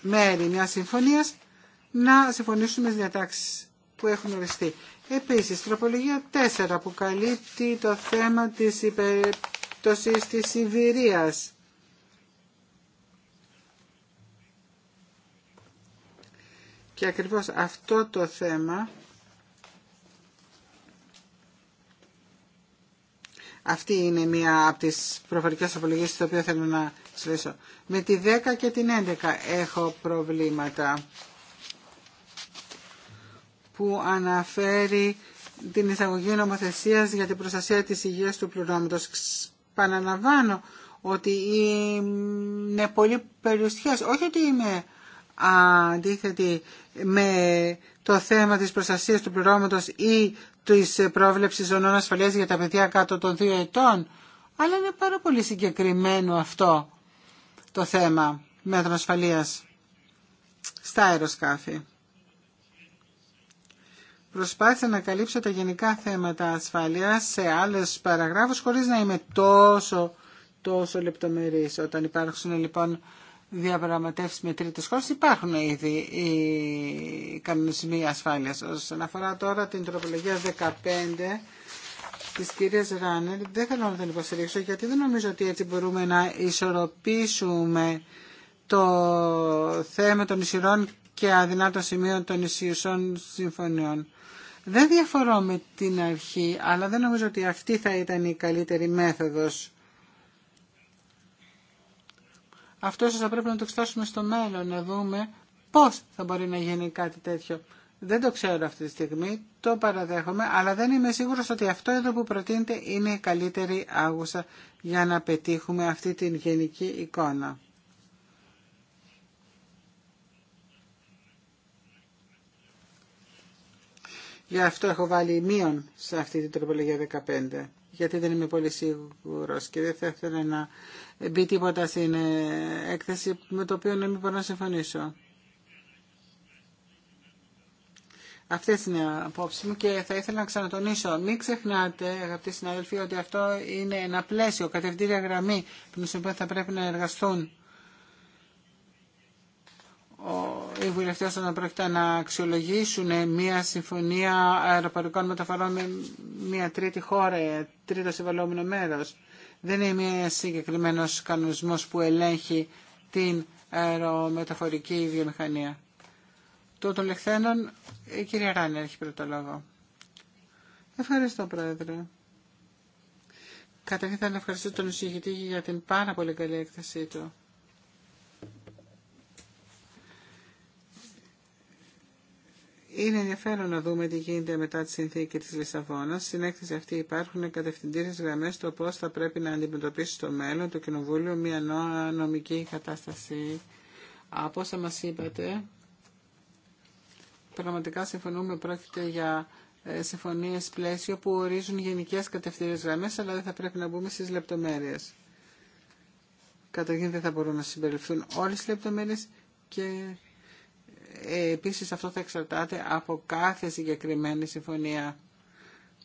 μέρη μια συμφωνίας να συμφωνήσουμε με τι διατάξει που έχουν οριστεί. Επίσης, τροπολογία 4 που καλύπτει το θέμα της υπερπτωσής τη Ιβυρία. Και ακριβώς αυτό το θέμα, αυτή είναι μία από τις προφορικές απολογίες τις οποίες θέλω να με τη 10 και την 11 έχω προβλήματα που αναφέρει την εισαγωγή νομοθεσίας για την προστασία της υγείας του πληρώματος. Παναλαμβάνω ότι είναι πολύ περιουσιαστικό, Όχι ότι είμαι αντίθετη με το θέμα της προστασίας του πληρώματος ή της πρόβλεψης ζωνών ασφαλείας για τα παιδιά κάτω των δύο ετών, αλλά είναι πάρα πολύ συγκεκριμένο αυτό το θέμα μέτρων ασφαλείας στα αεροσκάφη. Προσπάθησα να καλύψω τα γενικά θέματα ασφαλείας σε άλλες παραγράφους χωρίς να είμαι τόσο, τόσο λεπτομερής. Όταν υπάρχουν λοιπόν διαπραγματεύσει με τρίτες χώρες υπάρχουν ήδη οι κανονισμοί ασφάλειας. Όσον αφορά τώρα την τροπολογία 15 της κυρίας Ράνερ δεν θέλω να την υποστηρίξω γιατί δεν νομίζω ότι έτσι μπορούμε να ισορροπήσουμε το θέμα των ισχυρών και αδυνάτων σημείων των ισχυρών συμφωνιών. Δεν διαφορώ με την αρχή, αλλά δεν νομίζω ότι αυτή θα ήταν η καλύτερη μέθοδος. Αυτό σας θα πρέπει να το εξετάσουμε στο μέλλον, να δούμε πώς θα μπορεί να γίνει κάτι τέτοιο. Δεν το ξέρω αυτή τη στιγμή, το παραδέχομαι, αλλά δεν είμαι σίγουρος ότι αυτό εδώ που προτείνεται είναι η καλύτερη άγουσα για να πετύχουμε αυτή την γενική εικόνα. Γι' αυτό έχω βάλει μείον σε αυτή την τροπολογία 15, γιατί δεν είμαι πολύ σίγουρος και δεν θα ήθελα να μπει τίποτα στην ε, έκθεση με το οποίο να μην μπορώ να συμφωνήσω. Αυτή είναι οι απόψη μου και θα ήθελα να ξανατονίσω. Μην ξεχνάτε, αγαπητοί συναδελφοί, ότι αυτό είναι ένα πλαίσιο, κατευθύντρια γραμμή που οποία θα πρέπει να εργαστούν οι βουλευτέ όταν πρόκειται να αξιολογήσουν μια συμφωνία αεροπορικών μεταφορών με μια τρίτη χώρα, τρίτο συμβαλόμενο μέρο. Δεν είναι μια συγκεκριμένο κανονισμό που ελέγχει την αερομεταφορική βιομηχανία του των λεχθένων, η κυρία Ράνερ έχει πρώτο λόγο. Ευχαριστώ, Πρόεδρε. Καταρχήν θα ευχαριστώ τον εισηγητή για την πάρα πολύ καλή έκθεσή του. Είναι ενδιαφέρον να δούμε τι γίνεται μετά τη συνθήκη της Λισαβόνας. Στην έκθεση αυτή υπάρχουν κατευθυντήρες γραμμές το πώς θα πρέπει να αντιμετωπίσει στο μέλλον το Κοινοβούλιο μια νομική κατάσταση. Από όσα μας είπατε, πραγματικά συμφωνούμε πρόκειται για ε, συμφωνίες πλαίσιο που ορίζουν γενικές κατευθύνες γραμμές, αλλά δεν θα πρέπει να μπούμε στις λεπτομέρειες. Καταρχήν δεν θα μπορούν να συμπεριληφθούν όλες οι λεπτομέρειες και ε, επίσης αυτό θα εξαρτάται από κάθε συγκεκριμένη συμφωνία.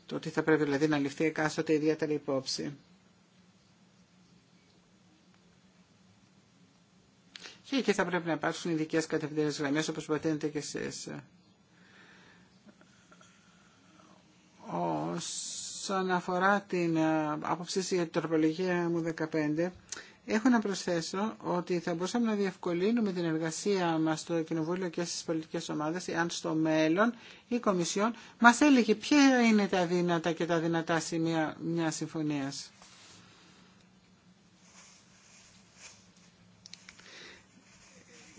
Το ότι θα πρέπει δηλαδή να ληφθεί εκάστοτε ιδιαίτερη υπόψη. Και εκεί θα πρέπει να υπάρξουν ειδικέ κατευθυντήρε γραμμέ, όπω προτείνετε και εσεί. όσον αφορά την άποψη ε, για την τροπολογία μου 15, έχω να προσθέσω ότι θα μπορούσαμε να διευκολύνουμε την εργασία μας στο Κοινοβούλιο και στις πολιτικές ομάδες, αν στο μέλλον η Κομισιόν μας έλεγε ποια είναι τα δύνατα και τα δυνατά σημεία μιας συμφωνίας.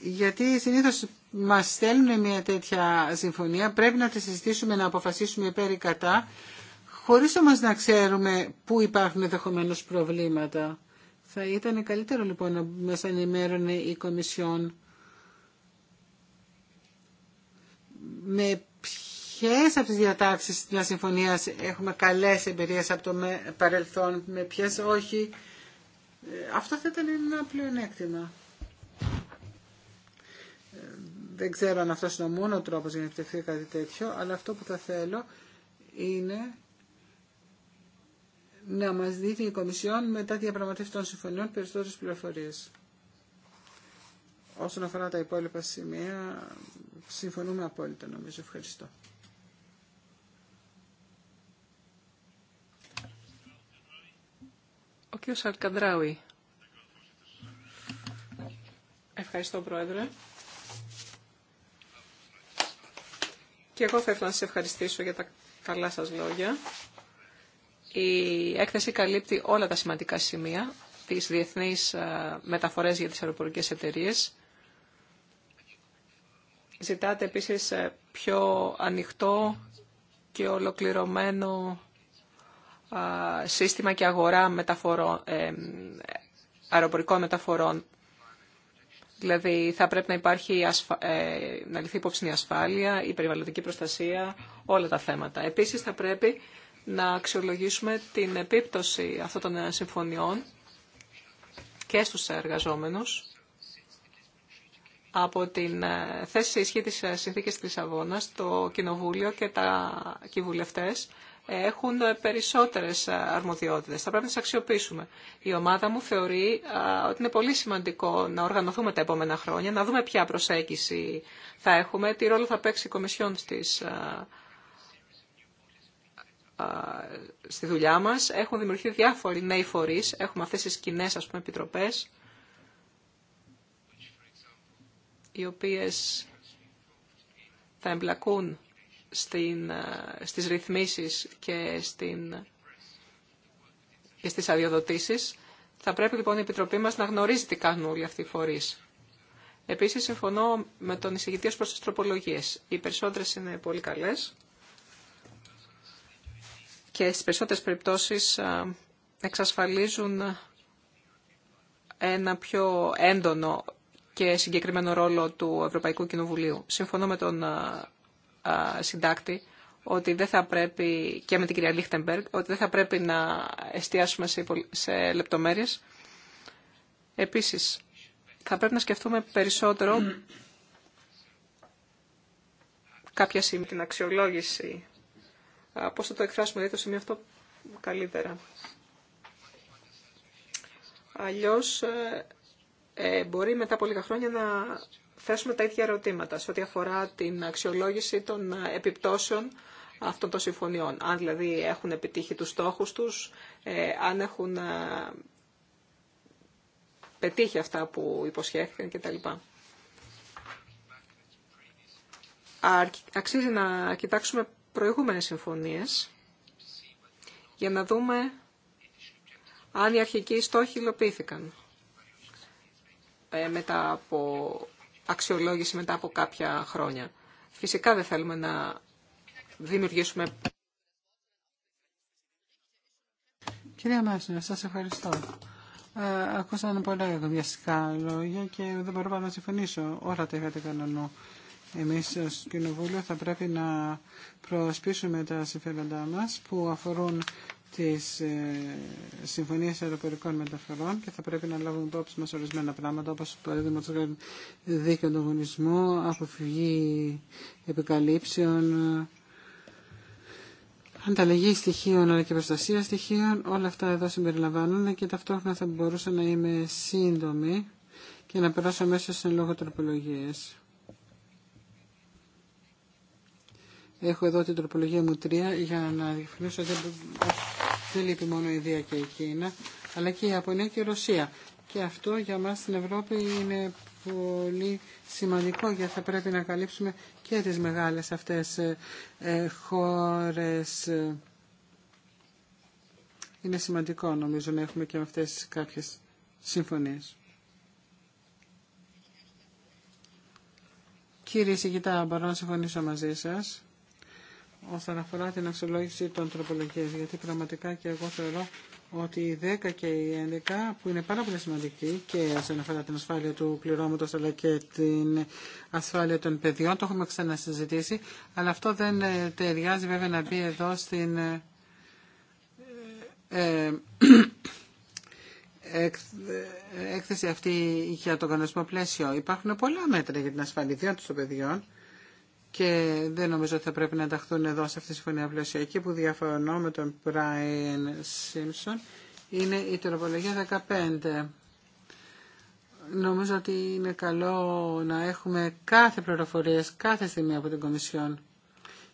γιατί συνήθως μας στέλνουν μια τέτοια συμφωνία, πρέπει να τη συζητήσουμε, να αποφασίσουμε υπέρ ή κατά χωρίς όμως να ξέρουμε πού υπάρχουν ενδεχομένω προβλήματα. Θα ήταν καλύτερο λοιπόν να μας ενημέρωνε η Κομισιόν με ποιες από τις διατάξεις της συμφωνίας έχουμε καλές εμπειρίες από το παρελθόν, με ποιες όχι. Ε, αυτό θα ήταν ένα πλεονέκτημα. Ε, δεν ξέρω αν αυτός είναι ο μόνο τρόπος για να επιτευχθεί κάτι τέτοιο, αλλά αυτό που θα θέλω είναι να μας δίνει η Κομισιόν μετά διαπραγματεύσει των συμφωνιών περισσότερες πληροφορίες. Όσον αφορά τα υπόλοιπα σημεία, συμφωνούμε απόλυτα νομίζω. Ευχαριστώ. Ο κ. Αλκαντράουι. Ευχαριστώ, Πρόεδρε. Και εγώ θα ήθελα να σας ευχαριστήσω για τα καλά σας λόγια. Η έκθεση καλύπτει όλα τα σημαντικά σημεία, της διεθνής ε, μεταφορές για τις αεροπορικές εταιρείες. Ζητάτε επίσης ε, πιο ανοιχτό και ολοκληρωμένο ε, σύστημα και αγορά αεροπορικών μεταφορών. Δηλαδή θα πρέπει να υπάρχει να λυθεί υπόψη η ασφάλεια, η περιβαλλοντική προστασία, όλα τα θέματα. Επίσης θα πρέπει να αξιολογήσουμε την επίπτωση αυτών των συμφωνιών και στους εργαζόμενους από την ε, θέση ισχύ της ε, συνθήκης της Λισαβόνας, το Κοινοβούλιο και τα κυβουλευτές έχουν περισσότερες ε, αρμοδιότητες. Θα πρέπει να τις αξιοποιήσουμε. Η ομάδα μου θεωρεί ότι είναι πολύ σημαντικό να οργανωθούμε τα επόμενα χρόνια, να δούμε ποια προσέγγιση θα έχουμε, τι ρόλο θα παίξει η Κομισιόν στις στη δουλειά μας. Έχουν δημιουργηθεί διάφοροι νέοι φορείς. Έχουμε αυτές τις κοινέ ας επιτροπές, οι οποίες θα εμπλακούν στην, ε, στις ρυθμίσεις και, στην, και στις αδειοδοτήσεις. Θα πρέπει λοιπόν η Επιτροπή μας να γνωρίζει τι κάνουν όλοι αυτοί οι φορείς. Επίσης συμφωνώ με τον εισηγητή ως προς τις τροπολογίες. Οι περισσότερες είναι πολύ καλές και στις περισσότερες περιπτώσεις εξασφαλίζουν ένα πιο έντονο και συγκεκριμένο ρόλο του Ευρωπαϊκού Κοινοβουλίου. Συμφωνώ με τον συντάκτη ότι δεν θα πρέπει, και με την κυρία Λίχτεμπεργκ, ότι δεν θα πρέπει να εστιάσουμε σε λεπτομέρειες. Επίσης, θα πρέπει να σκεφτούμε περισσότερο mm. κάποια σημεία την αξιολόγηση Πώ θα το εκφράσουμε δηλαδή, το σημείο αυτό καλύτερα. Αλλιώ ε, ε, μπορεί μετά από λίγα χρόνια να θέσουμε τα ίδια ερωτήματα σε ό,τι αφορά την αξιολόγηση των ε, επιπτώσεων αυτών των συμφωνιών. Αν δηλαδή έχουν επιτύχει τους στόχους τους, ε, αν έχουν πετύχει αυτά που υποσχέθηκαν κτλ. Αξίζει να κοιτάξουμε προηγούμενες συμφωνίες για να δούμε αν οι αρχικοί στόχοι υλοποιήθηκαν ε, μετά από αξιολόγηση μετά από κάποια χρόνια. Φυσικά δεν θέλουμε να δημιουργήσουμε... Κυρία Μάσνερ, σας ευχαριστώ. Ε, ακούσαμε πολλά εγωδιαστικά λόγια και δεν μπορώ να συμφωνήσω. Όλα τα είχατε κανονό. Εμείς ως Κοινοβούλιο θα πρέπει να προσπίσουμε τα συμφέροντά μας που αφορούν τις ε, συμφωνίες αεροπορικών μεταφορών και θα πρέπει να λάβουμε υπόψη μας ορισμένα πράγματα όπως παραδείγματος δίκαιο ανταγωνισμού, αποφυγή επικαλύψεων, ανταλλαγή στοιχείων αλλά και προστασία στοιχείων. Όλα αυτά εδώ συμπεριλαμβάνουν και ταυτόχρονα θα μπορούσα να είμαι σύντομη και να περάσω αμέσω σε λόγο τροπολογίες. Έχω εδώ την τροπολογία μου 3 για να διευκρινίσω ότι δεν λείπει μόνο η Ινδία και η Κίνα, αλλά και η Ιαπωνία και η Ρωσία. Και αυτό για μας στην Ευρώπη είναι πολύ σημαντικό γιατί θα πρέπει να καλύψουμε και τις μεγάλες αυτές ε, ε, χώρες. Είναι σημαντικό νομίζω να έχουμε και με αυτές κάποιες συμφωνίες. Κύριε Σιγητά, μπορώ να συμφωνήσω μαζί σας όσον αφορά την αξιολόγηση των τροπολογίες. γιατί πραγματικά και εγώ θεωρώ ότι οι 10 και η 11 που είναι πάρα πολύ σημαντική και όσον αφορά την ασφάλεια του πληρώματος αλλά και την ασφάλεια των παιδιών, το έχουμε ξανασυζητήσει, αλλά αυτό δεν ε, ταιριάζει βέβαια να μπει εδώ στην ε, ε, έκθεση αυτή για τον κανονισμό πλαίσιο. Υπάρχουν πολλά μέτρα για την ασφαλή των παιδιών και δεν νομίζω ότι θα πρέπει να ενταχθούν εδώ σε αυτή τη συμφωνία πλαίσια. Εκεί που διαφωνώ με τον Brian Simpson είναι η τροπολογία 15. Νομίζω ότι είναι καλό να έχουμε κάθε πληροφορία, κάθε στιγμή από την Κομισιόν.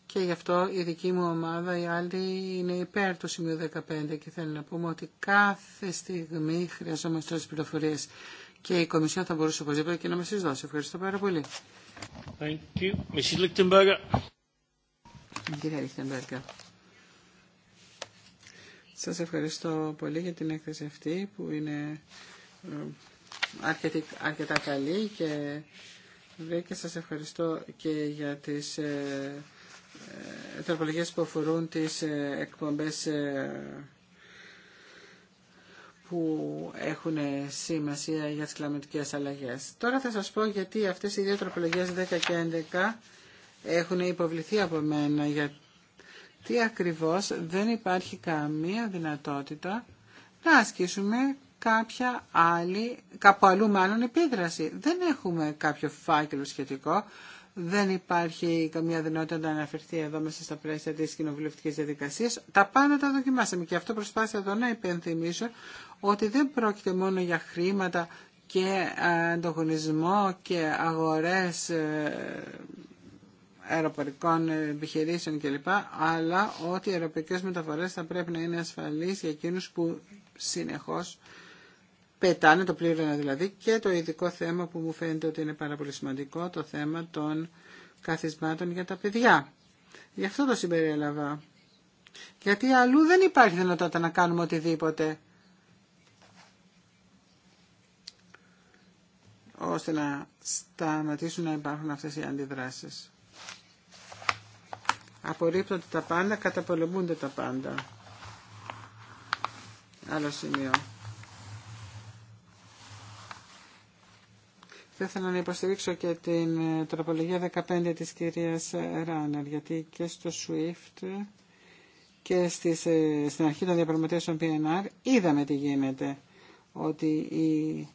Και γι' αυτό η δική μου ομάδα, η άλλη, είναι υπέρ του σημείου 15 και θέλω να πούμε ότι κάθε στιγμή χρειαζόμαστε τις πληροφορίες. Και η Κομισιόν θα μπορούσε οπωσδήποτε και να μας τις δώσει. Ευχαριστώ πάρα πολύ. Thank σας ευχαριστώ πολύ για την έκθεση αυτή που είναι ε, αρκετά καλή και και σας ευχαριστώ και για τις ε, ε, που αφορούν τις ε, εκπομπές ε, που έχουν σημασία για τις κλαματικές αλλαγές. Τώρα θα σας πω γιατί αυτές οι δύο τροπολογίες 10 και 11 έχουν υποβληθεί από μένα γιατί ακριβώς δεν υπάρχει καμία δυνατότητα να ασκήσουμε κάποια άλλη, κάπου αλλού μάλλον επίδραση. Δεν έχουμε κάποιο φάκελο σχετικό, δεν υπάρχει καμία δυνατότητα να αναφερθεί εδώ μέσα στα πλαίσια της κοινοβουλευτικής διαδικασίας. Τα πάντα τα δοκιμάσαμε και αυτό προσπάθησα εδώ να υπενθυμίσω ότι δεν πρόκειται μόνο για χρήματα και ανταγωνισμό και αγορές ε, αεροπορικών επιχειρήσεων κλπ. Αλλά ότι οι αεροπορικές μεταφορές θα πρέπει να είναι ασφαλείς για εκείνους που συνεχώς πετάνε το πλήρωνα δηλαδή και το ειδικό θέμα που μου φαίνεται ότι είναι πάρα πολύ σημαντικό, το θέμα των καθισμάτων για τα παιδιά. Γι' αυτό το συμπεριέλαβα. Γιατί αλλού δεν υπάρχει δυνατότητα να κάνουμε οτιδήποτε. ώστε να σταματήσουν να υπάρχουν αυτές οι αντιδράσεις. Απορρίπτονται τα πάντα, καταπολεμούνται τα πάντα. Άλλο σημείο. Θα ήθελα να υποστηρίξω και την ε, τροπολογία 15 της κυρίας ε, Ράνερ, γιατί και στο SWIFT και στις, ε, στην αρχή των διαπραγματεύσεων PNR είδαμε τι γίνεται, ότι οι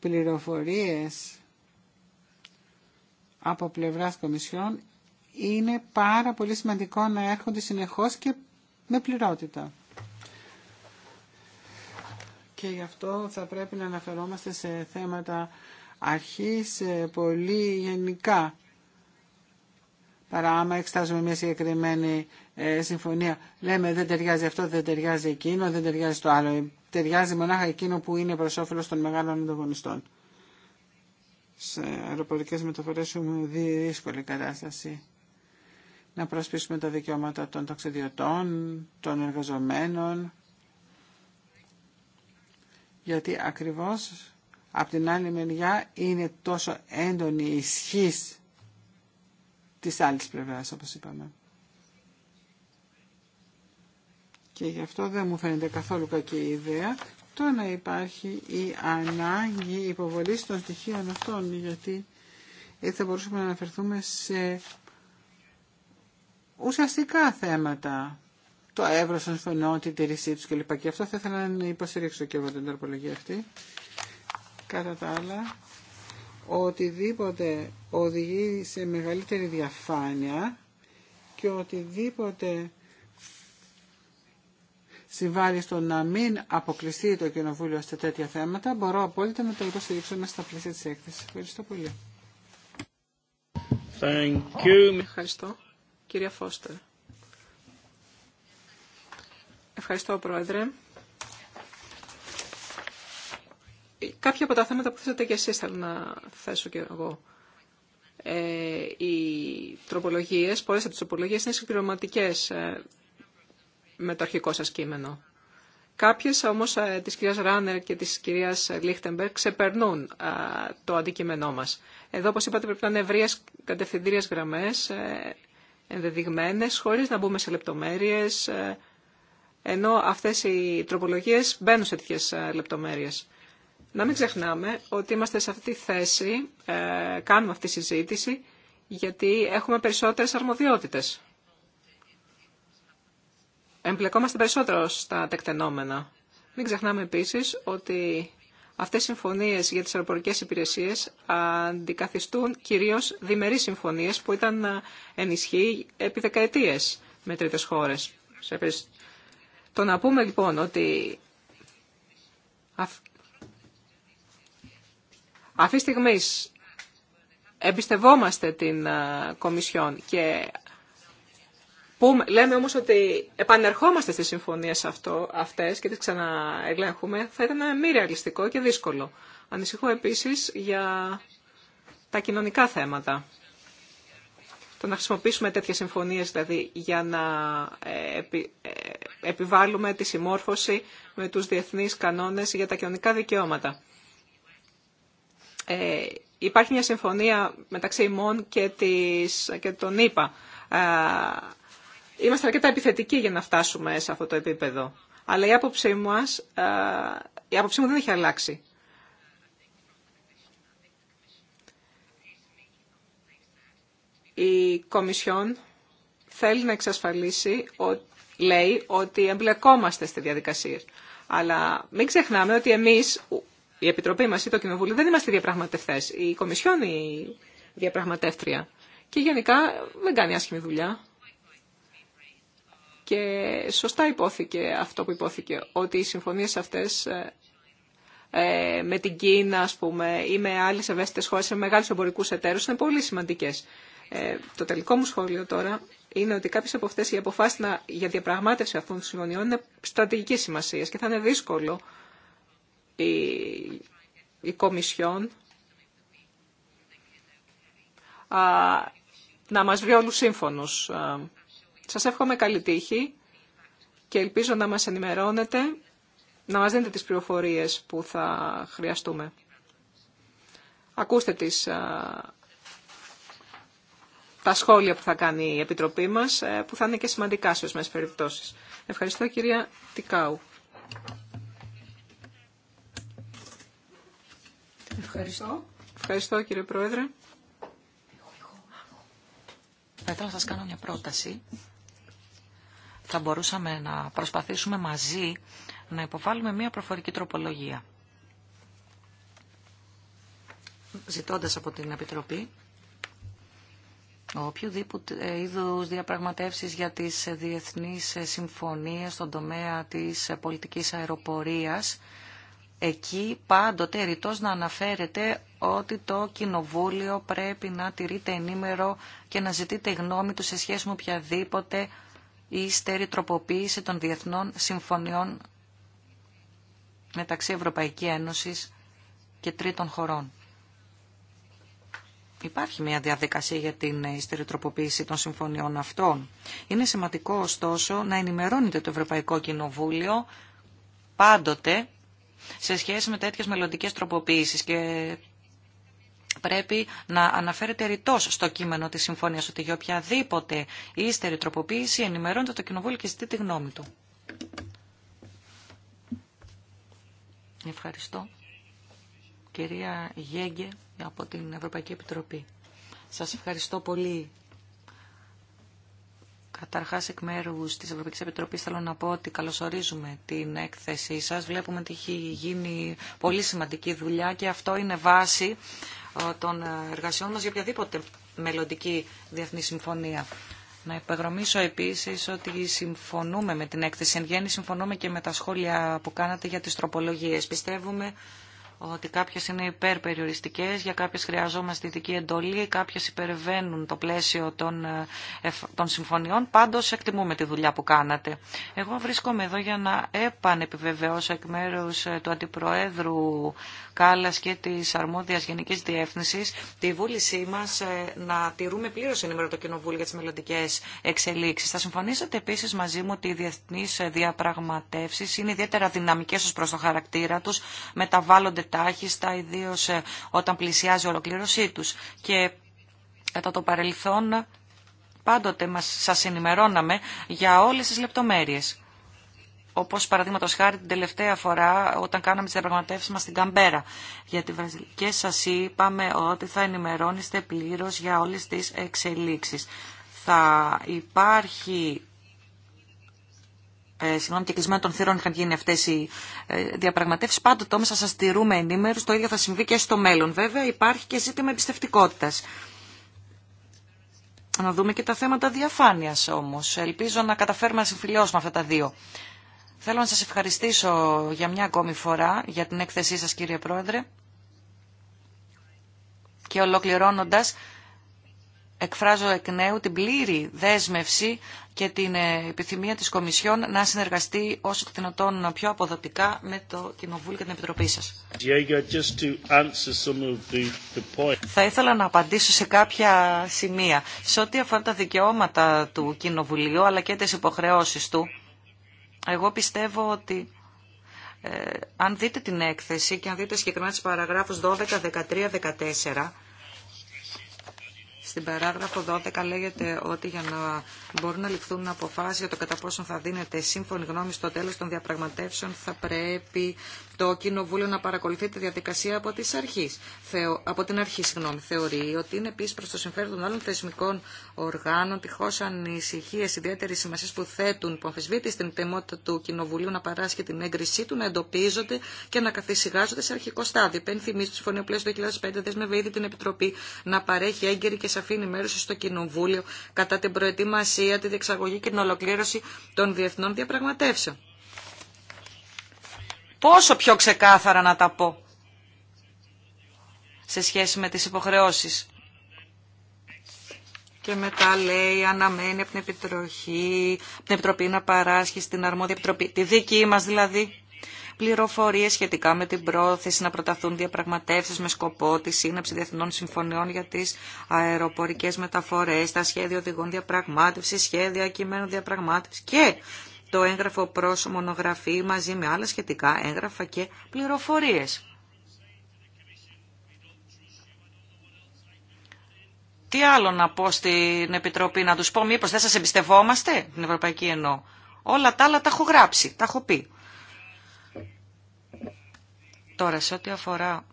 πληροφορίες από πλευράς Κομισιών είναι πάρα πολύ σημαντικό να έρχονται συνεχώς και με πληρότητα. Και γι' αυτό θα πρέπει να αναφερόμαστε σε θέματα αρχής ε, πολύ γενικά Παρά άμα εξτάζουμε μια συγκεκριμένη ε, συμφωνία, λέμε δεν ταιριάζει αυτό, δεν ταιριάζει εκείνο, δεν ταιριάζει το άλλο. Ταιριάζει μονάχα εκείνο που είναι προ όφελο των μεγάλων ανταγωνιστών. Σε αεροπορικέ μεταφορέ έχουμε δύσκολη κατάσταση. Να προσπίσουμε τα δικαιώματα των ταξιδιωτών, των εργαζομένων. Γιατί ακριβώς από την άλλη μεριά είναι τόσο έντονη η ισχύς της άλλης πλευράς, όπως είπαμε. Και γι' αυτό δεν μου φαίνεται καθόλου κακή ιδέα το να υπάρχει η ανάγκη υποβολής των στοιχείων αυτών, γιατί έτσι θα μπορούσαμε να αναφερθούμε σε ουσιαστικά θέματα. Το έβρος των φωνών, τη τηρησή κλπ. Και αυτό θα ήθελα να υποστηρίξω και εγώ την τροπολογία αυτή. Κατά τα άλλα, οτιδήποτε οδηγεί σε μεγαλύτερη διαφάνεια και οτιδήποτε συμβάλλει στο να μην αποκλειστεί το Κοινοβούλιο σε τέτοια θέματα, μπορώ απόλυτα να το υποστηρίξω μέσα στα πλαίσια της έκθεσης. Ευχαριστώ πολύ. Ευχαριστώ. Κυρία Φώστερ. Ευχαριστώ, Πρόεδρε. Κάποια από τα θέματα που θέσατε και εσείς θέλω να θέσω και εγώ. Ε, οι τροπολογίες, πολλές από τις τροπολογίες είναι συγκληρωματικές ε, με το αρχικό σας κείμενο. Κάποιες όμως ε, της κυρίας Ράνερ και της κυρίας Λίχτεμπερ ξεπερνούν ε, το αντικείμενό μας. Εδώ, όπως είπατε, πρέπει να είναι ευρείες κατευθυντήριες γραμμές, ενδεδειγμένες, χωρίς να μπούμε σε λεπτομέρειες, ενώ αυτές οι τροπολογίες μπαίνουν σε τέτοιες λεπτομέρειες. Να μην ξεχνάμε ότι είμαστε σε αυτή τη θέση, ε, κάνουμε αυτή τη συζήτηση, γιατί έχουμε περισσότερες αρμοδιότητες. Εμπλεκόμαστε περισσότερο στα τεκτενόμενα. Μην ξεχνάμε επίσης ότι αυτές οι συμφωνίες για τις αεροπορικές υπηρεσίες αντικαθιστούν κυρίως διμερείς συμφωνίες που ήταν ενισχύει επί δεκαετίες με τρίτες χώρες. Το να πούμε λοιπόν ότι αυτή τη στιγμή εμπιστευόμαστε την ε, Κομισιόν και λέμε όμως ότι επανερχόμαστε στις συμφωνίες αυτό, αυτές και τις ξαναελέγχουμε, θα ήταν μη ρεαλιστικό και δύσκολο. Ανησυχώ επίσης για τα κοινωνικά θέματα. Το να χρησιμοποιήσουμε τέτοιες συμφωνίες δηλαδή για να ε, επι, ε, επιβάλλουμε τη συμμόρφωση με τους διεθνείς κανόνες για τα κοινωνικά δικαιώματα. Ε, υπάρχει μια συμφωνία μεταξύ ημών και, και των ΗΠΑ. Ε, είμαστε αρκετά επιθετικοί για να φτάσουμε σε αυτό το επίπεδο. Αλλά η άποψή, μας, ε, η άποψή μου δεν έχει αλλάξει. Η Κομισιόν θέλει να εξασφαλίσει, λέει, ότι εμπλεκόμαστε στη διαδικασία. Αλλά μην ξεχνάμε ότι εμείς η Επιτροπή μα ή το κοινοβούλιο. Δεν είμαστε διαπραγματεύσει. Η Κομισιόν η διαπραγματεύτρια. Και γενικά δεν κάνει άσχημη δουλειά. Και σωστά υπόθηκε αυτό που υπόθηκε, ότι οι συμφωνίες αυτές ε, ε, με την Κίνα, ας πούμε, ή με άλλες ευαίσθητες χώρες, με μεγάλους εμπορικούς εταίρους, είναι πολύ σημαντικές. Ε, το τελικό μου σχόλιο τώρα είναι ότι κάποιες από αυτές οι αποφάσεις για διαπραγμάτευση αυτών των συμφωνιών είναι στρατηγική σημασία και θα είναι δύσκολο η, Κομισιόν να μας βρει όλους σύμφωνους. σας εύχομαι καλή τύχη και ελπίζω να μας ενημερώνετε, να μας δίνετε τις πληροφορίες που θα χρειαστούμε. Ακούστε τις, τα σχόλια που θα κάνει η Επιτροπή μας, ε, που θα είναι και σημαντικά σε ορισμένε περιπτώσεις. Ευχαριστώ κυρία Τικάου. Ευχαριστώ. Ευχαριστώ κύριε Πρόεδρε. Θα ήθελα να σας κάνω μια πρόταση. Θα μπορούσαμε να προσπαθήσουμε μαζί να υποβάλουμε μια προφορική τροπολογία. Ζητώντας από την Επιτροπή οποιοδήποτε είδους διαπραγματεύσεις για τις διεθνείς συμφωνίες στον τομέα της πολιτικής αεροπορίας εκεί πάντοτε ρητός να αναφέρεται ότι το Κοινοβούλιο πρέπει να τηρείται ενήμερο και να ζητείται γνώμη του σε σχέση με οποιαδήποτε ύστερη τροποποίηση των διεθνών συμφωνιών μεταξύ Ευρωπαϊκή Ένωσης και τρίτων χωρών. Υπάρχει μια διαδικασία για την τροποποίηση των συμφωνιών αυτών. Είναι σημαντικό ωστόσο να ενημερώνεται το Ευρωπαϊκό Κοινοβούλιο πάντοτε σε σχέση με τέτοιες μελλοντικέ τροποποίησεις και πρέπει να αναφέρεται ρητό στο κείμενο της συμφωνίας ότι για οποιαδήποτε ύστερη τροποποίηση ενημερώνεται το κοινοβούλιο και ζητεί τη γνώμη του. Ευχαριστώ. Κυρία Γέγκε από την Ευρωπαϊκή Επιτροπή. Σας ευχαριστώ πολύ Καταρχά εκ μέρου τη Ευρωπαϊκή Επιτροπή, θέλω να πω ότι καλωσορίζουμε την έκθεσή σα. Βλέπουμε ότι έχει γίνει πολύ σημαντική δουλειά και αυτό είναι βάση ε, των εργασιών μας για οποιαδήποτε μελλοντική διεθνή συμφωνία. Να υπεγραμμίσω επίσης ότι συμφωνούμε με την έκθεση. Εν γέννη συμφωνούμε και με τα σχόλια που κάνατε για τι τροπολογίε. Πιστεύουμε ότι κάποιες είναι υπερπεριοριστικές, για κάποιες χρειαζόμαστε ειδική εντολή, κάποιες υπερβαίνουν το πλαίσιο των, ε, των συμφωνιών, πάντως εκτιμούμε τη δουλειά που κάνατε. Εγώ βρίσκομαι εδώ για να επανεπιβεβαιώσω εκ μέρους ε, του Αντιπροέδρου Κάλλας και της Αρμόδιας Γενικής Διεύθυνσης τη βούλησή μας ε, να τηρούμε πλήρως ενήμερο το Κοινοβούλιο για τις μελλοντικές εξελίξεις. Θα συμφωνήσετε επίσης μαζί μου ότι οι διεθνεί διαπραγματεύσεις είναι ιδιαίτερα δυναμικές ως προς το χαρακτήρα τους, μεταβάλλονται τάχιστα, ιδίως ε, όταν πλησιάζει η ολοκλήρωσή τους. Και κατά το παρελθόν πάντοτε μας, σας ενημερώναμε για όλες τις λεπτομέρειες. Όπως παραδείγματο χάρη την τελευταία φορά όταν κάναμε τις διαπραγματεύσεις μας στην Καμπέρα για τη Και σας είπαμε ότι θα ενημερώνεστε πλήρως για όλες τις εξελίξεις. Θα υπάρχει ε, συγγνώμη, και κλεισμένο των θύρων είχαν γίνει αυτέ οι ε, διαπραγματεύσει. Πάντοτε όμω θα σα τηρούμε ενήμερου. Το ίδιο θα συμβεί και στο μέλλον. Βέβαια, υπάρχει και ζήτημα εμπιστευτικότητα. Να δούμε και τα θέματα διαφάνεια όμω. Ελπίζω να καταφέρουμε να συμφιλειώσουμε αυτά τα δύο. Θέλω να σα ευχαριστήσω για μια ακόμη φορά για την έκθεσή σα, κύριε Πρόεδρε. Και ολοκληρώνοντα, εκφράζω εκ νέου την πλήρη δέσμευση και την ε, επιθυμία της Κομισιόν να συνεργαστεί όσο το δυνατόν πιο αποδοτικά με το Κοινοβούλιο και την Επιτροπή σας. Θα ήθελα να απαντήσω σε κάποια σημεία. Σε ό,τι αφορά τα δικαιώματα του Κοινοβουλίου αλλά και τις υποχρεώσεις του, εγώ πιστεύω ότι ε, αν δείτε την έκθεση και αν δείτε συγκεκριμένα τις παραγράφους 12, 13, 14, στην παράγραφο 12 λέγεται ότι για να μπορούν να ληφθούν αποφάσει για το κατά πόσο θα δίνεται σύμφωνη γνώμη στο τέλος των διαπραγματεύσεων θα πρέπει το Κοινοβούλιο να παρακολουθεί τη διαδικασία από, τις αρχής, θεω, από την αρχή. Συγγνώμη, θεωρεί ότι είναι επίση προ το συμφέρον των άλλων θεσμικών οργάνων τυχώ ανησυχίε ιδιαίτερη σημασία που θέτουν που αμφισβήτη στην θεμότητα του Κοινοβουλίου να παράσχει την έγκρισή του, να εντοπίζονται και να καθησυχάζονται σε αρχικό στάδιο. Πέν ότι η Συμφωνία Πλαίσιο 2005 δεσμεύει ήδη την Επιτροπή να παρέχει έγκαιρη και σαφή ενημέρωση στο Κοινοβούλιο κατά την προετοιμασία, τη διεξαγωγή και την ολοκλήρωση των διεθνών διαπραγματεύσεων. Πόσο πιο ξεκάθαρα να τα πω σε σχέση με τις υποχρεώσεις. Και μετά λέει, αναμένει από την, επιτροχή, την Επιτροπή να παράσχει στην αρμόδια Επιτροπή, τη δική μας δηλαδή, πληροφορίες σχετικά με την πρόθεση να προταθούν διαπραγματεύσεις με σκοπό τη σύναψη διεθνών συμφωνιών για τις αεροπορικές μεταφορέ, τα σχέδια οδηγών διαπραγμάτευσης, σχέδια κειμένων διαπραγμάτευσης και το έγγραφο προς μονογραφή μαζί με άλλα σχετικά έγγραφα και πληροφορίες. Τι άλλο να πω στην Επιτροπή, να τους πω μήπως δεν σας εμπιστευόμαστε, την Ευρωπαϊκή Ενώ. Όλα τα άλλα τα έχω γράψει, τα έχω πει. Τώρα, σε ό,τι αφορά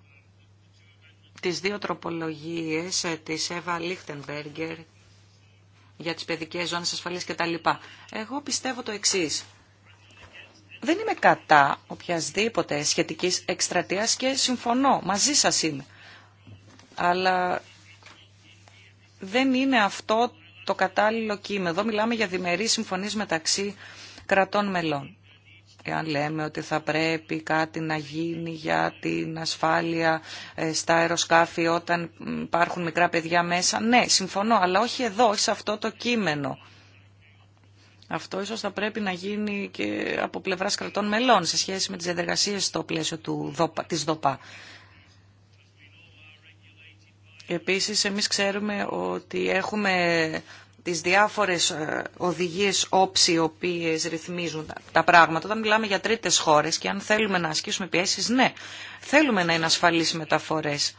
τις δύο τροπολογίες ε, της Εύα Λίχτενμπέργκερ για τις παιδικές ζώνες τα λοιπά. Εγώ πιστεύω το εξής. Δεν είμαι κατά οποιασδήποτε σχετικής εκστρατείας και συμφωνώ, μαζί σας είμαι. Αλλά δεν είναι αυτό το κατάλληλο κείμενο. Εδώ μιλάμε για διμερείς συμφωνίες μεταξύ κρατών μελών αν λέμε ότι θα πρέπει κάτι να γίνει για την ασφάλεια ε, στα αεροσκάφη όταν υπάρχουν μικρά παιδιά μέσα. Ναι, συμφωνώ, αλλά όχι εδώ, όχι σε αυτό το κείμενο. Αυτό ίσως θα πρέπει να γίνει και από πλευράς κρατών μελών σε σχέση με τις διαδεργασίες στο πλαίσιο του, της ΔΟΠΑ. Επίσης, εμείς ξέρουμε ότι έχουμε τις διάφορες ε, οδηγίες όψη οι οποίες ρυθμίζουν τα πράγματα. Όταν μιλάμε για τρίτες χώρες και αν θέλουμε να ασκήσουμε πιέσεις, ναι, θέλουμε να είναι ασφαλείς μεταφορές.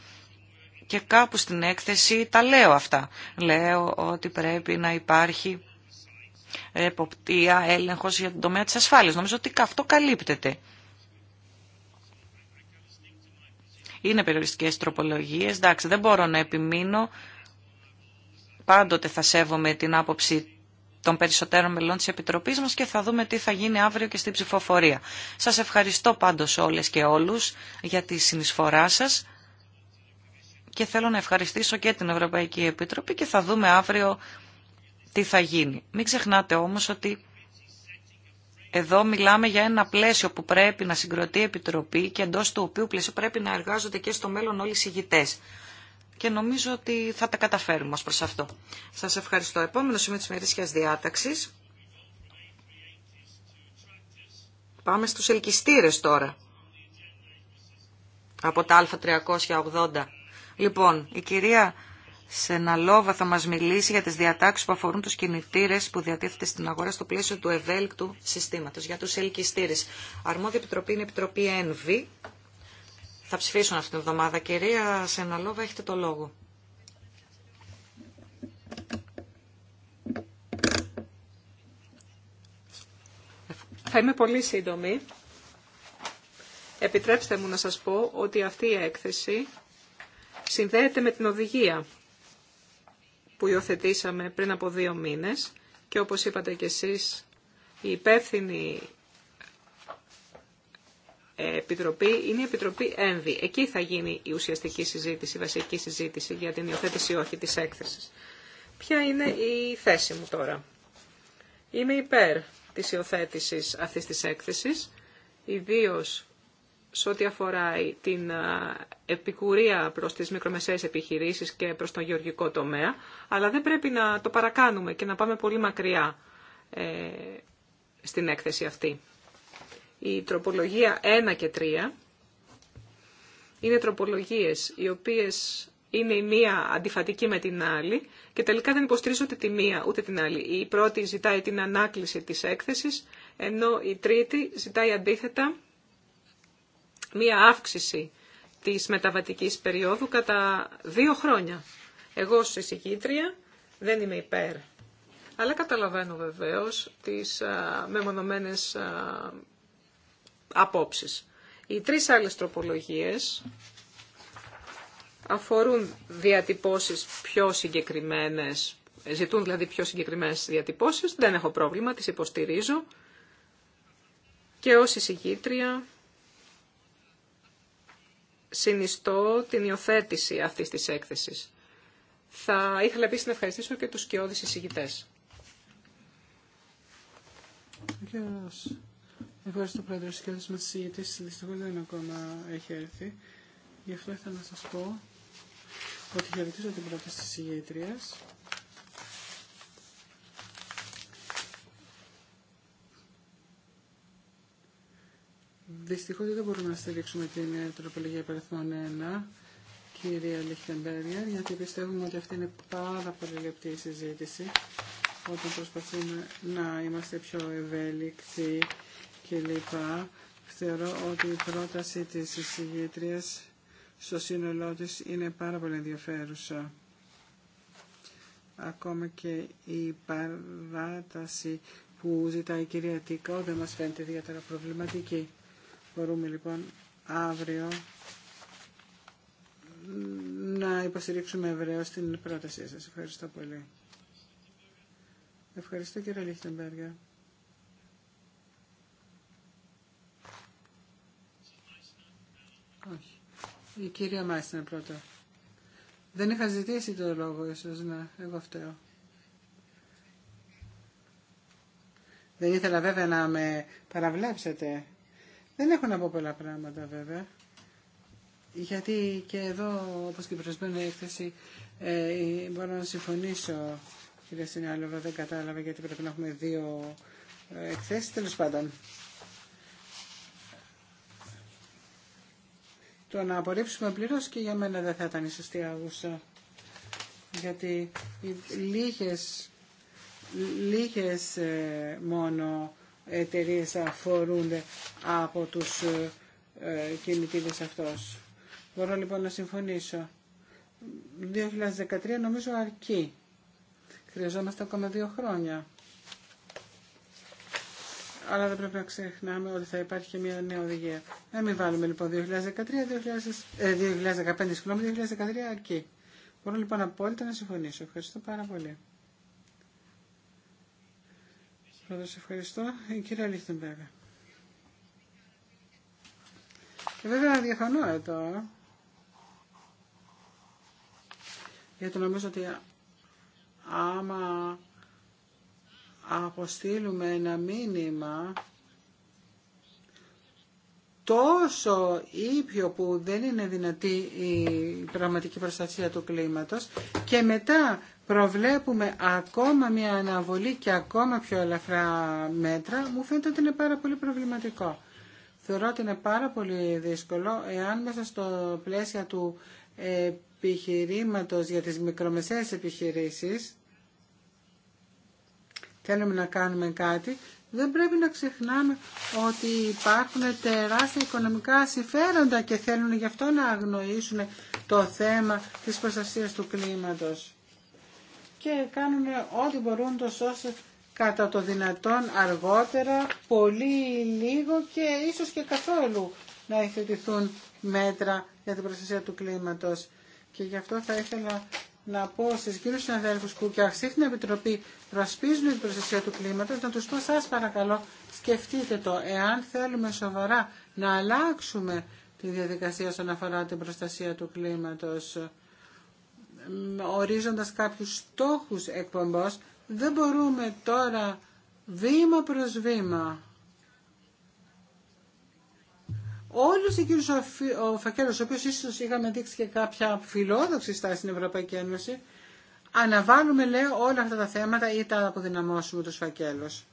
Και κάπου στην έκθεση τα λέω αυτά. Λέω ότι πρέπει να υπάρχει εποπτεία, έλεγχος για τον τομέα της ασφάλειας. Νομίζω ότι αυτό καλύπτεται. Είναι περιοριστικές τροπολογίες, εντάξει δεν μπορώ να επιμείνω πάντοτε θα σέβομαι την άποψη των περισσότερων μελών της Επιτροπής μας και θα δούμε τι θα γίνει αύριο και στην ψηφοφορία. Σας ευχαριστώ πάντως όλες και όλους για τη συνεισφορά σας και θέλω να ευχαριστήσω και την Ευρωπαϊκή Επιτροπή και θα δούμε αύριο τι θα γίνει. Μην ξεχνάτε όμως ότι εδώ μιλάμε για ένα πλαίσιο που πρέπει να συγκροτεί η Επιτροπή και εντό του οποίου πλαίσιο πρέπει να εργάζονται και στο μέλλον όλοι οι συγητές και νομίζω ότι θα τα καταφέρουμε ως προς αυτό. Σας ευχαριστώ. Επόμενο σημείο της μερίσιας διάταξης. Πάμε στους ελκυστήρες τώρα. Από τα Α380. Λοιπόν, η κυρία Σεναλόβα θα μας μιλήσει για τις διατάξεις που αφορούν τους κινητήρες που διατίθεται στην αγορά στο πλαίσιο του ευέλικτου συστήματος για τους ελκυστήρες. Αρμόδια Επιτροπή είναι η Επιτροπή ΕΝΒΗ θα ψηφίσουν αυτήν την εβδομάδα. Κυρία Σεναλόβα, έχετε το λόγο. Θα είμαι πολύ σύντομη. Επιτρέψτε μου να σας πω ότι αυτή η έκθεση συνδέεται με την οδηγία που υιοθετήσαμε πριν από δύο μήνες και όπως είπατε κι εσείς, η υπεύθυνη. Επιτροπή είναι η Επιτροπή ΕΜΒΗ. Εκεί θα γίνει η ουσιαστική συζήτηση, η βασική συζήτηση για την υιοθέτηση ή όχι της έκθεσης. Ποια είναι θέση μου τώρα. Είμαι υπέρ της υιοθέτηση αυτής της έκθεσης, ιδίω σε ό,τι αφορά την επικουρία προς τις μικρομεσαίες επιχειρήσεις και προς τον γεωργικό τομέα, αλλά δεν πρέπει να το παρακάνουμε και να πάμε πολύ μακριά ε, στην έκθεση αυτή. Η τροπολογία 1 και 3 είναι τροπολογίες οι οποίες είναι η μία αντιφατική με την άλλη και τελικά δεν υποστηρίζει ούτε τη μία ούτε την άλλη. Η πρώτη ζητάει την ανάκληση της έκθεσης, ενώ η τρίτη ζητάει αντίθετα μία αύξηση της μεταβατικής περίοδου κατά δύο χρόνια. Εγώ ως εισηγήτρια δεν είμαι υπέρ. Αλλά καταλαβαίνω βεβαίως τις α, μεμονωμένες απόψεις. Οι τρεις άλλες τροπολογίες αφορούν διατυπώσεις πιο συγκεκριμένες, ζητούν δηλαδή πιο συγκεκριμένες διατυπώσεις, δεν έχω πρόβλημα, τις υποστηρίζω και ως εισηγήτρια συνιστώ την υιοθέτηση αυτής της έκθεσης. Θα ήθελα επίσης να ευχαριστήσω και τους σκιώδεις εισηγητές. Yes. Ευχαριστώ πρόεδρε και μα τι συζητήσεις. δυστυχώ δεν ακόμα έχει έρθει. Γι' αυτό ήθελα να σα πω ότι χαιρετίζω την πρόταση τη ηγετρία. Δυστυχώ δεν μπορούμε να στηρίξουμε την τροπολογία υπερθμών 1, κυρία Λιχτεμπέργερ, γιατί πιστεύουμε ότι αυτή είναι πάρα πολύ λεπτή η συζήτηση όταν προσπαθούμε να είμαστε πιο ευέλικτοι κλπ. Θεωρώ ότι η πρόταση της εισηγήτριας στο σύνολό της είναι πάρα πολύ ενδιαφέρουσα. Ακόμα και η παράταση που ζητάει η κυρία Τίκαο δεν μας φαίνεται ιδιαίτερα προβληματική. Μπορούμε λοιπόν αύριο να υποστηρίξουμε ευρέω την πρότασή σας. Ευχαριστώ πολύ. Ευχαριστώ κύριε Λίχτεμπέργα. Όχι. Η κυρία Μάσινα πρώτα. Δεν είχα ζητήσει το λόγο ίσω να εγώ φταίω. Δεν ήθελα βέβαια να με παραβλέψετε. Δεν έχω να πω πολλά πράγματα βέβαια. Γιατί και εδώ, όπως και η έκθεση, ε, μπορώ να συμφωνήσω, κυρία Συνάλλοβα, δεν κατάλαβα γιατί πρέπει να έχουμε δύο ε, εκθέσεις. Τέλος πάντων, Το να απορρίψουμε πλήρως και για μένα δεν θα ήταν η σωστή άγουσα. Γιατί οι λίγες, λίγες ε, μόνο εταιρείε αφορούνται από τους ε, ε, κινητήρες αυτός. Μπορώ λοιπόν να συμφωνήσω. 2013 νομίζω αρκεί. Χρειαζόμαστε ακόμα δύο χρόνια αλλά δεν πρέπει να ξεχνάμε ότι θα υπάρχει και μια νέα οδηγία. Να μην βάλουμε λοιπόν 2013, 2015, ε, συγγνώμη, 2013 αρκεί. Μπορώ λοιπόν απόλυτα να συμφωνήσω. Ευχαριστώ πάρα πολύ. Σε ευχαριστώ. Η ε, κυρία Λίχτενμπεργκ. Και ε, βέβαια διαφωνώ εδώ. Γιατί νομίζω ότι άμα αποστείλουμε ένα μήνυμα τόσο ήπιο που δεν είναι δυνατή η πραγματική προστασία του κλίματος και μετά προβλέπουμε ακόμα μια αναβολή και ακόμα πιο ελαφρά μέτρα, μου φαίνεται ότι είναι πάρα πολύ προβληματικό. Θεωρώ ότι είναι πάρα πολύ δύσκολο εάν μέσα στο πλαίσιο του επιχειρήματος για τις μικρομεσαίες επιχειρήσεις θέλουμε να κάνουμε κάτι, δεν πρέπει να ξεχνάμε ότι υπάρχουν τεράστια οικονομικά συμφέροντα και θέλουν γι' αυτό να αγνοήσουν το θέμα της προστασίας του κλίματος. Και κάνουν ό,τι μπορούν το σώσουν κατά το δυνατόν αργότερα, πολύ λίγο και ίσως και καθόλου να υιοθετηθούν μέτρα για την προστασία του κλίματος. Και γι' αυτό θα ήθελα να πω στις κύριου συναδέλφου που και αυτή την Επιτροπή προσπίζουν την προστασία του κλίματος, να τους πω σας παρακαλώ σκεφτείτε το, εάν θέλουμε σοβαρά να αλλάξουμε τη διαδικασία όσον αφορά την προστασία του κλίματος, ορίζοντας κάποιους στόχους εκπομπός, δεν μπορούμε τώρα βήμα προς βήμα Όλου ο ο φακέλος, ο οποίος ίσως είχαμε δείξει και κάποια φιλόδοξη στάση στην Ευρωπαϊκή Ένωση, αναβάλουμε, λέω, όλα αυτά τα θέματα ή τα αποδυναμώσουμε τους φακέλους.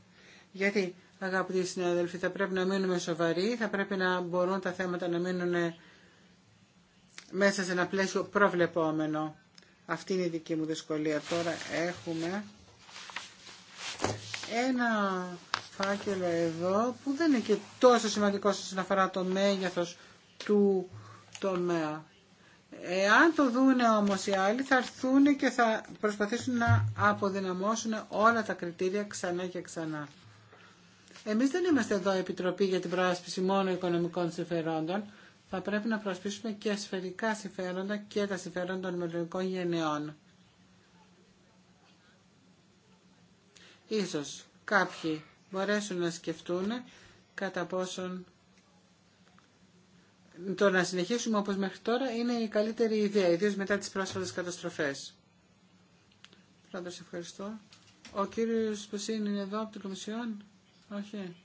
Γιατί, αγαπητοί συνάδελφοι, θα πρέπει να μείνουμε σοβαροί, θα πρέπει να μπορούν τα θέματα να μείνουν ε, μέσα σε ένα πλαίσιο προβλεπόμενο. Αυτή είναι η δική μου δυσκολία. Τώρα έχουμε ένα φάκελο εδώ που δεν είναι και τόσο σημαντικό όσον αφορά το μέγεθος του τομέα. Εάν το δούνε όμως οι άλλοι θα έρθουν και θα προσπαθήσουν να αποδυναμώσουν όλα τα κριτήρια ξανά και ξανά. Εμείς δεν είμαστε εδώ επιτροπή για την προάσπιση μόνο οικονομικών συμφερόντων. Θα πρέπει να προσπίσουμε και σφαιρικά συμφέροντα και τα συμφέροντα των μελλοντικών γενεών. Ίσως κάποιοι μπορέσουν να σκεφτούν κατά πόσον το να συνεχίσουμε όπως μέχρι τώρα είναι η καλύτερη ιδέα, ιδίω μετά τις πρόσφατες καταστροφές. Πρόεδρος, ευχαριστώ. Ο κύριος Πεσίν είναι εδώ από την Κομισιόν. Όχι.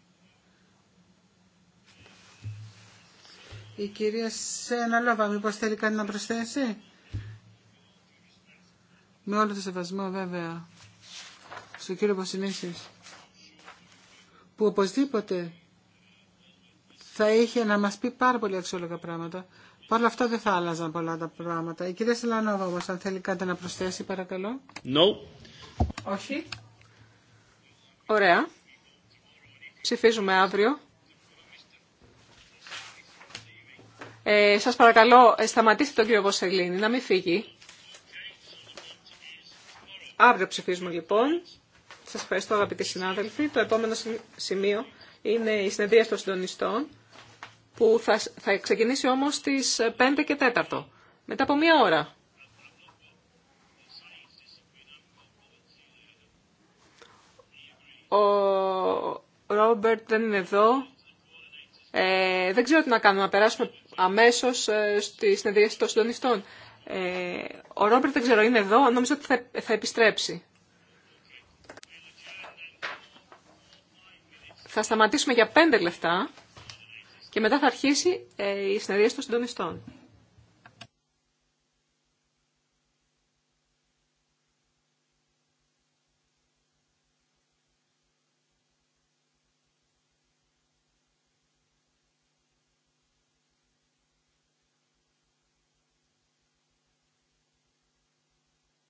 Η κυρία Σέναλόβα, μήπως θέλει κάτι να προσθέσει. Με όλο το σεβασμό βέβαια. Στον κύριο Ποσινήσης που οπωσδήποτε θα είχε να μας πει πάρα πολύ αξιόλογα πράγματα. Παρ' όλα αυτά δεν θα άλλαζαν πολλά τα πράγματα. Η κυρία Σελανόβα όμως, αν θέλει κάτι να προσθέσει, παρακαλώ. No. Όχι. Ωραία. Ψηφίζουμε αύριο. Ε, σας παρακαλώ, ε, σταματήστε τον κύριο Βοσελίνη, να μην φύγει. Αύριο ψηφίζουμε λοιπόν. Σας ευχαριστώ αγαπητοί συνάδελφοι. Το επόμενο σημείο είναι η συνεδρία των συντονιστών που θα, θα ξεκινήσει όμως στις 5 και 4 μετά από μία ώρα. Ο Ρόμπερτ δεν είναι εδώ. Ε, δεν ξέρω τι να κάνουμε, να περάσουμε αμέσως ε, στη συνεδρία των συντονιστών. Ε, ο Ρόμπερτ δεν ξέρω, είναι εδώ, νομίζω ότι θα, θα επιστρέψει. Θα σταματήσουμε για πέντε λεπτά και μετά θα αρχίσει ε, η συνεδρία των συντονιστών.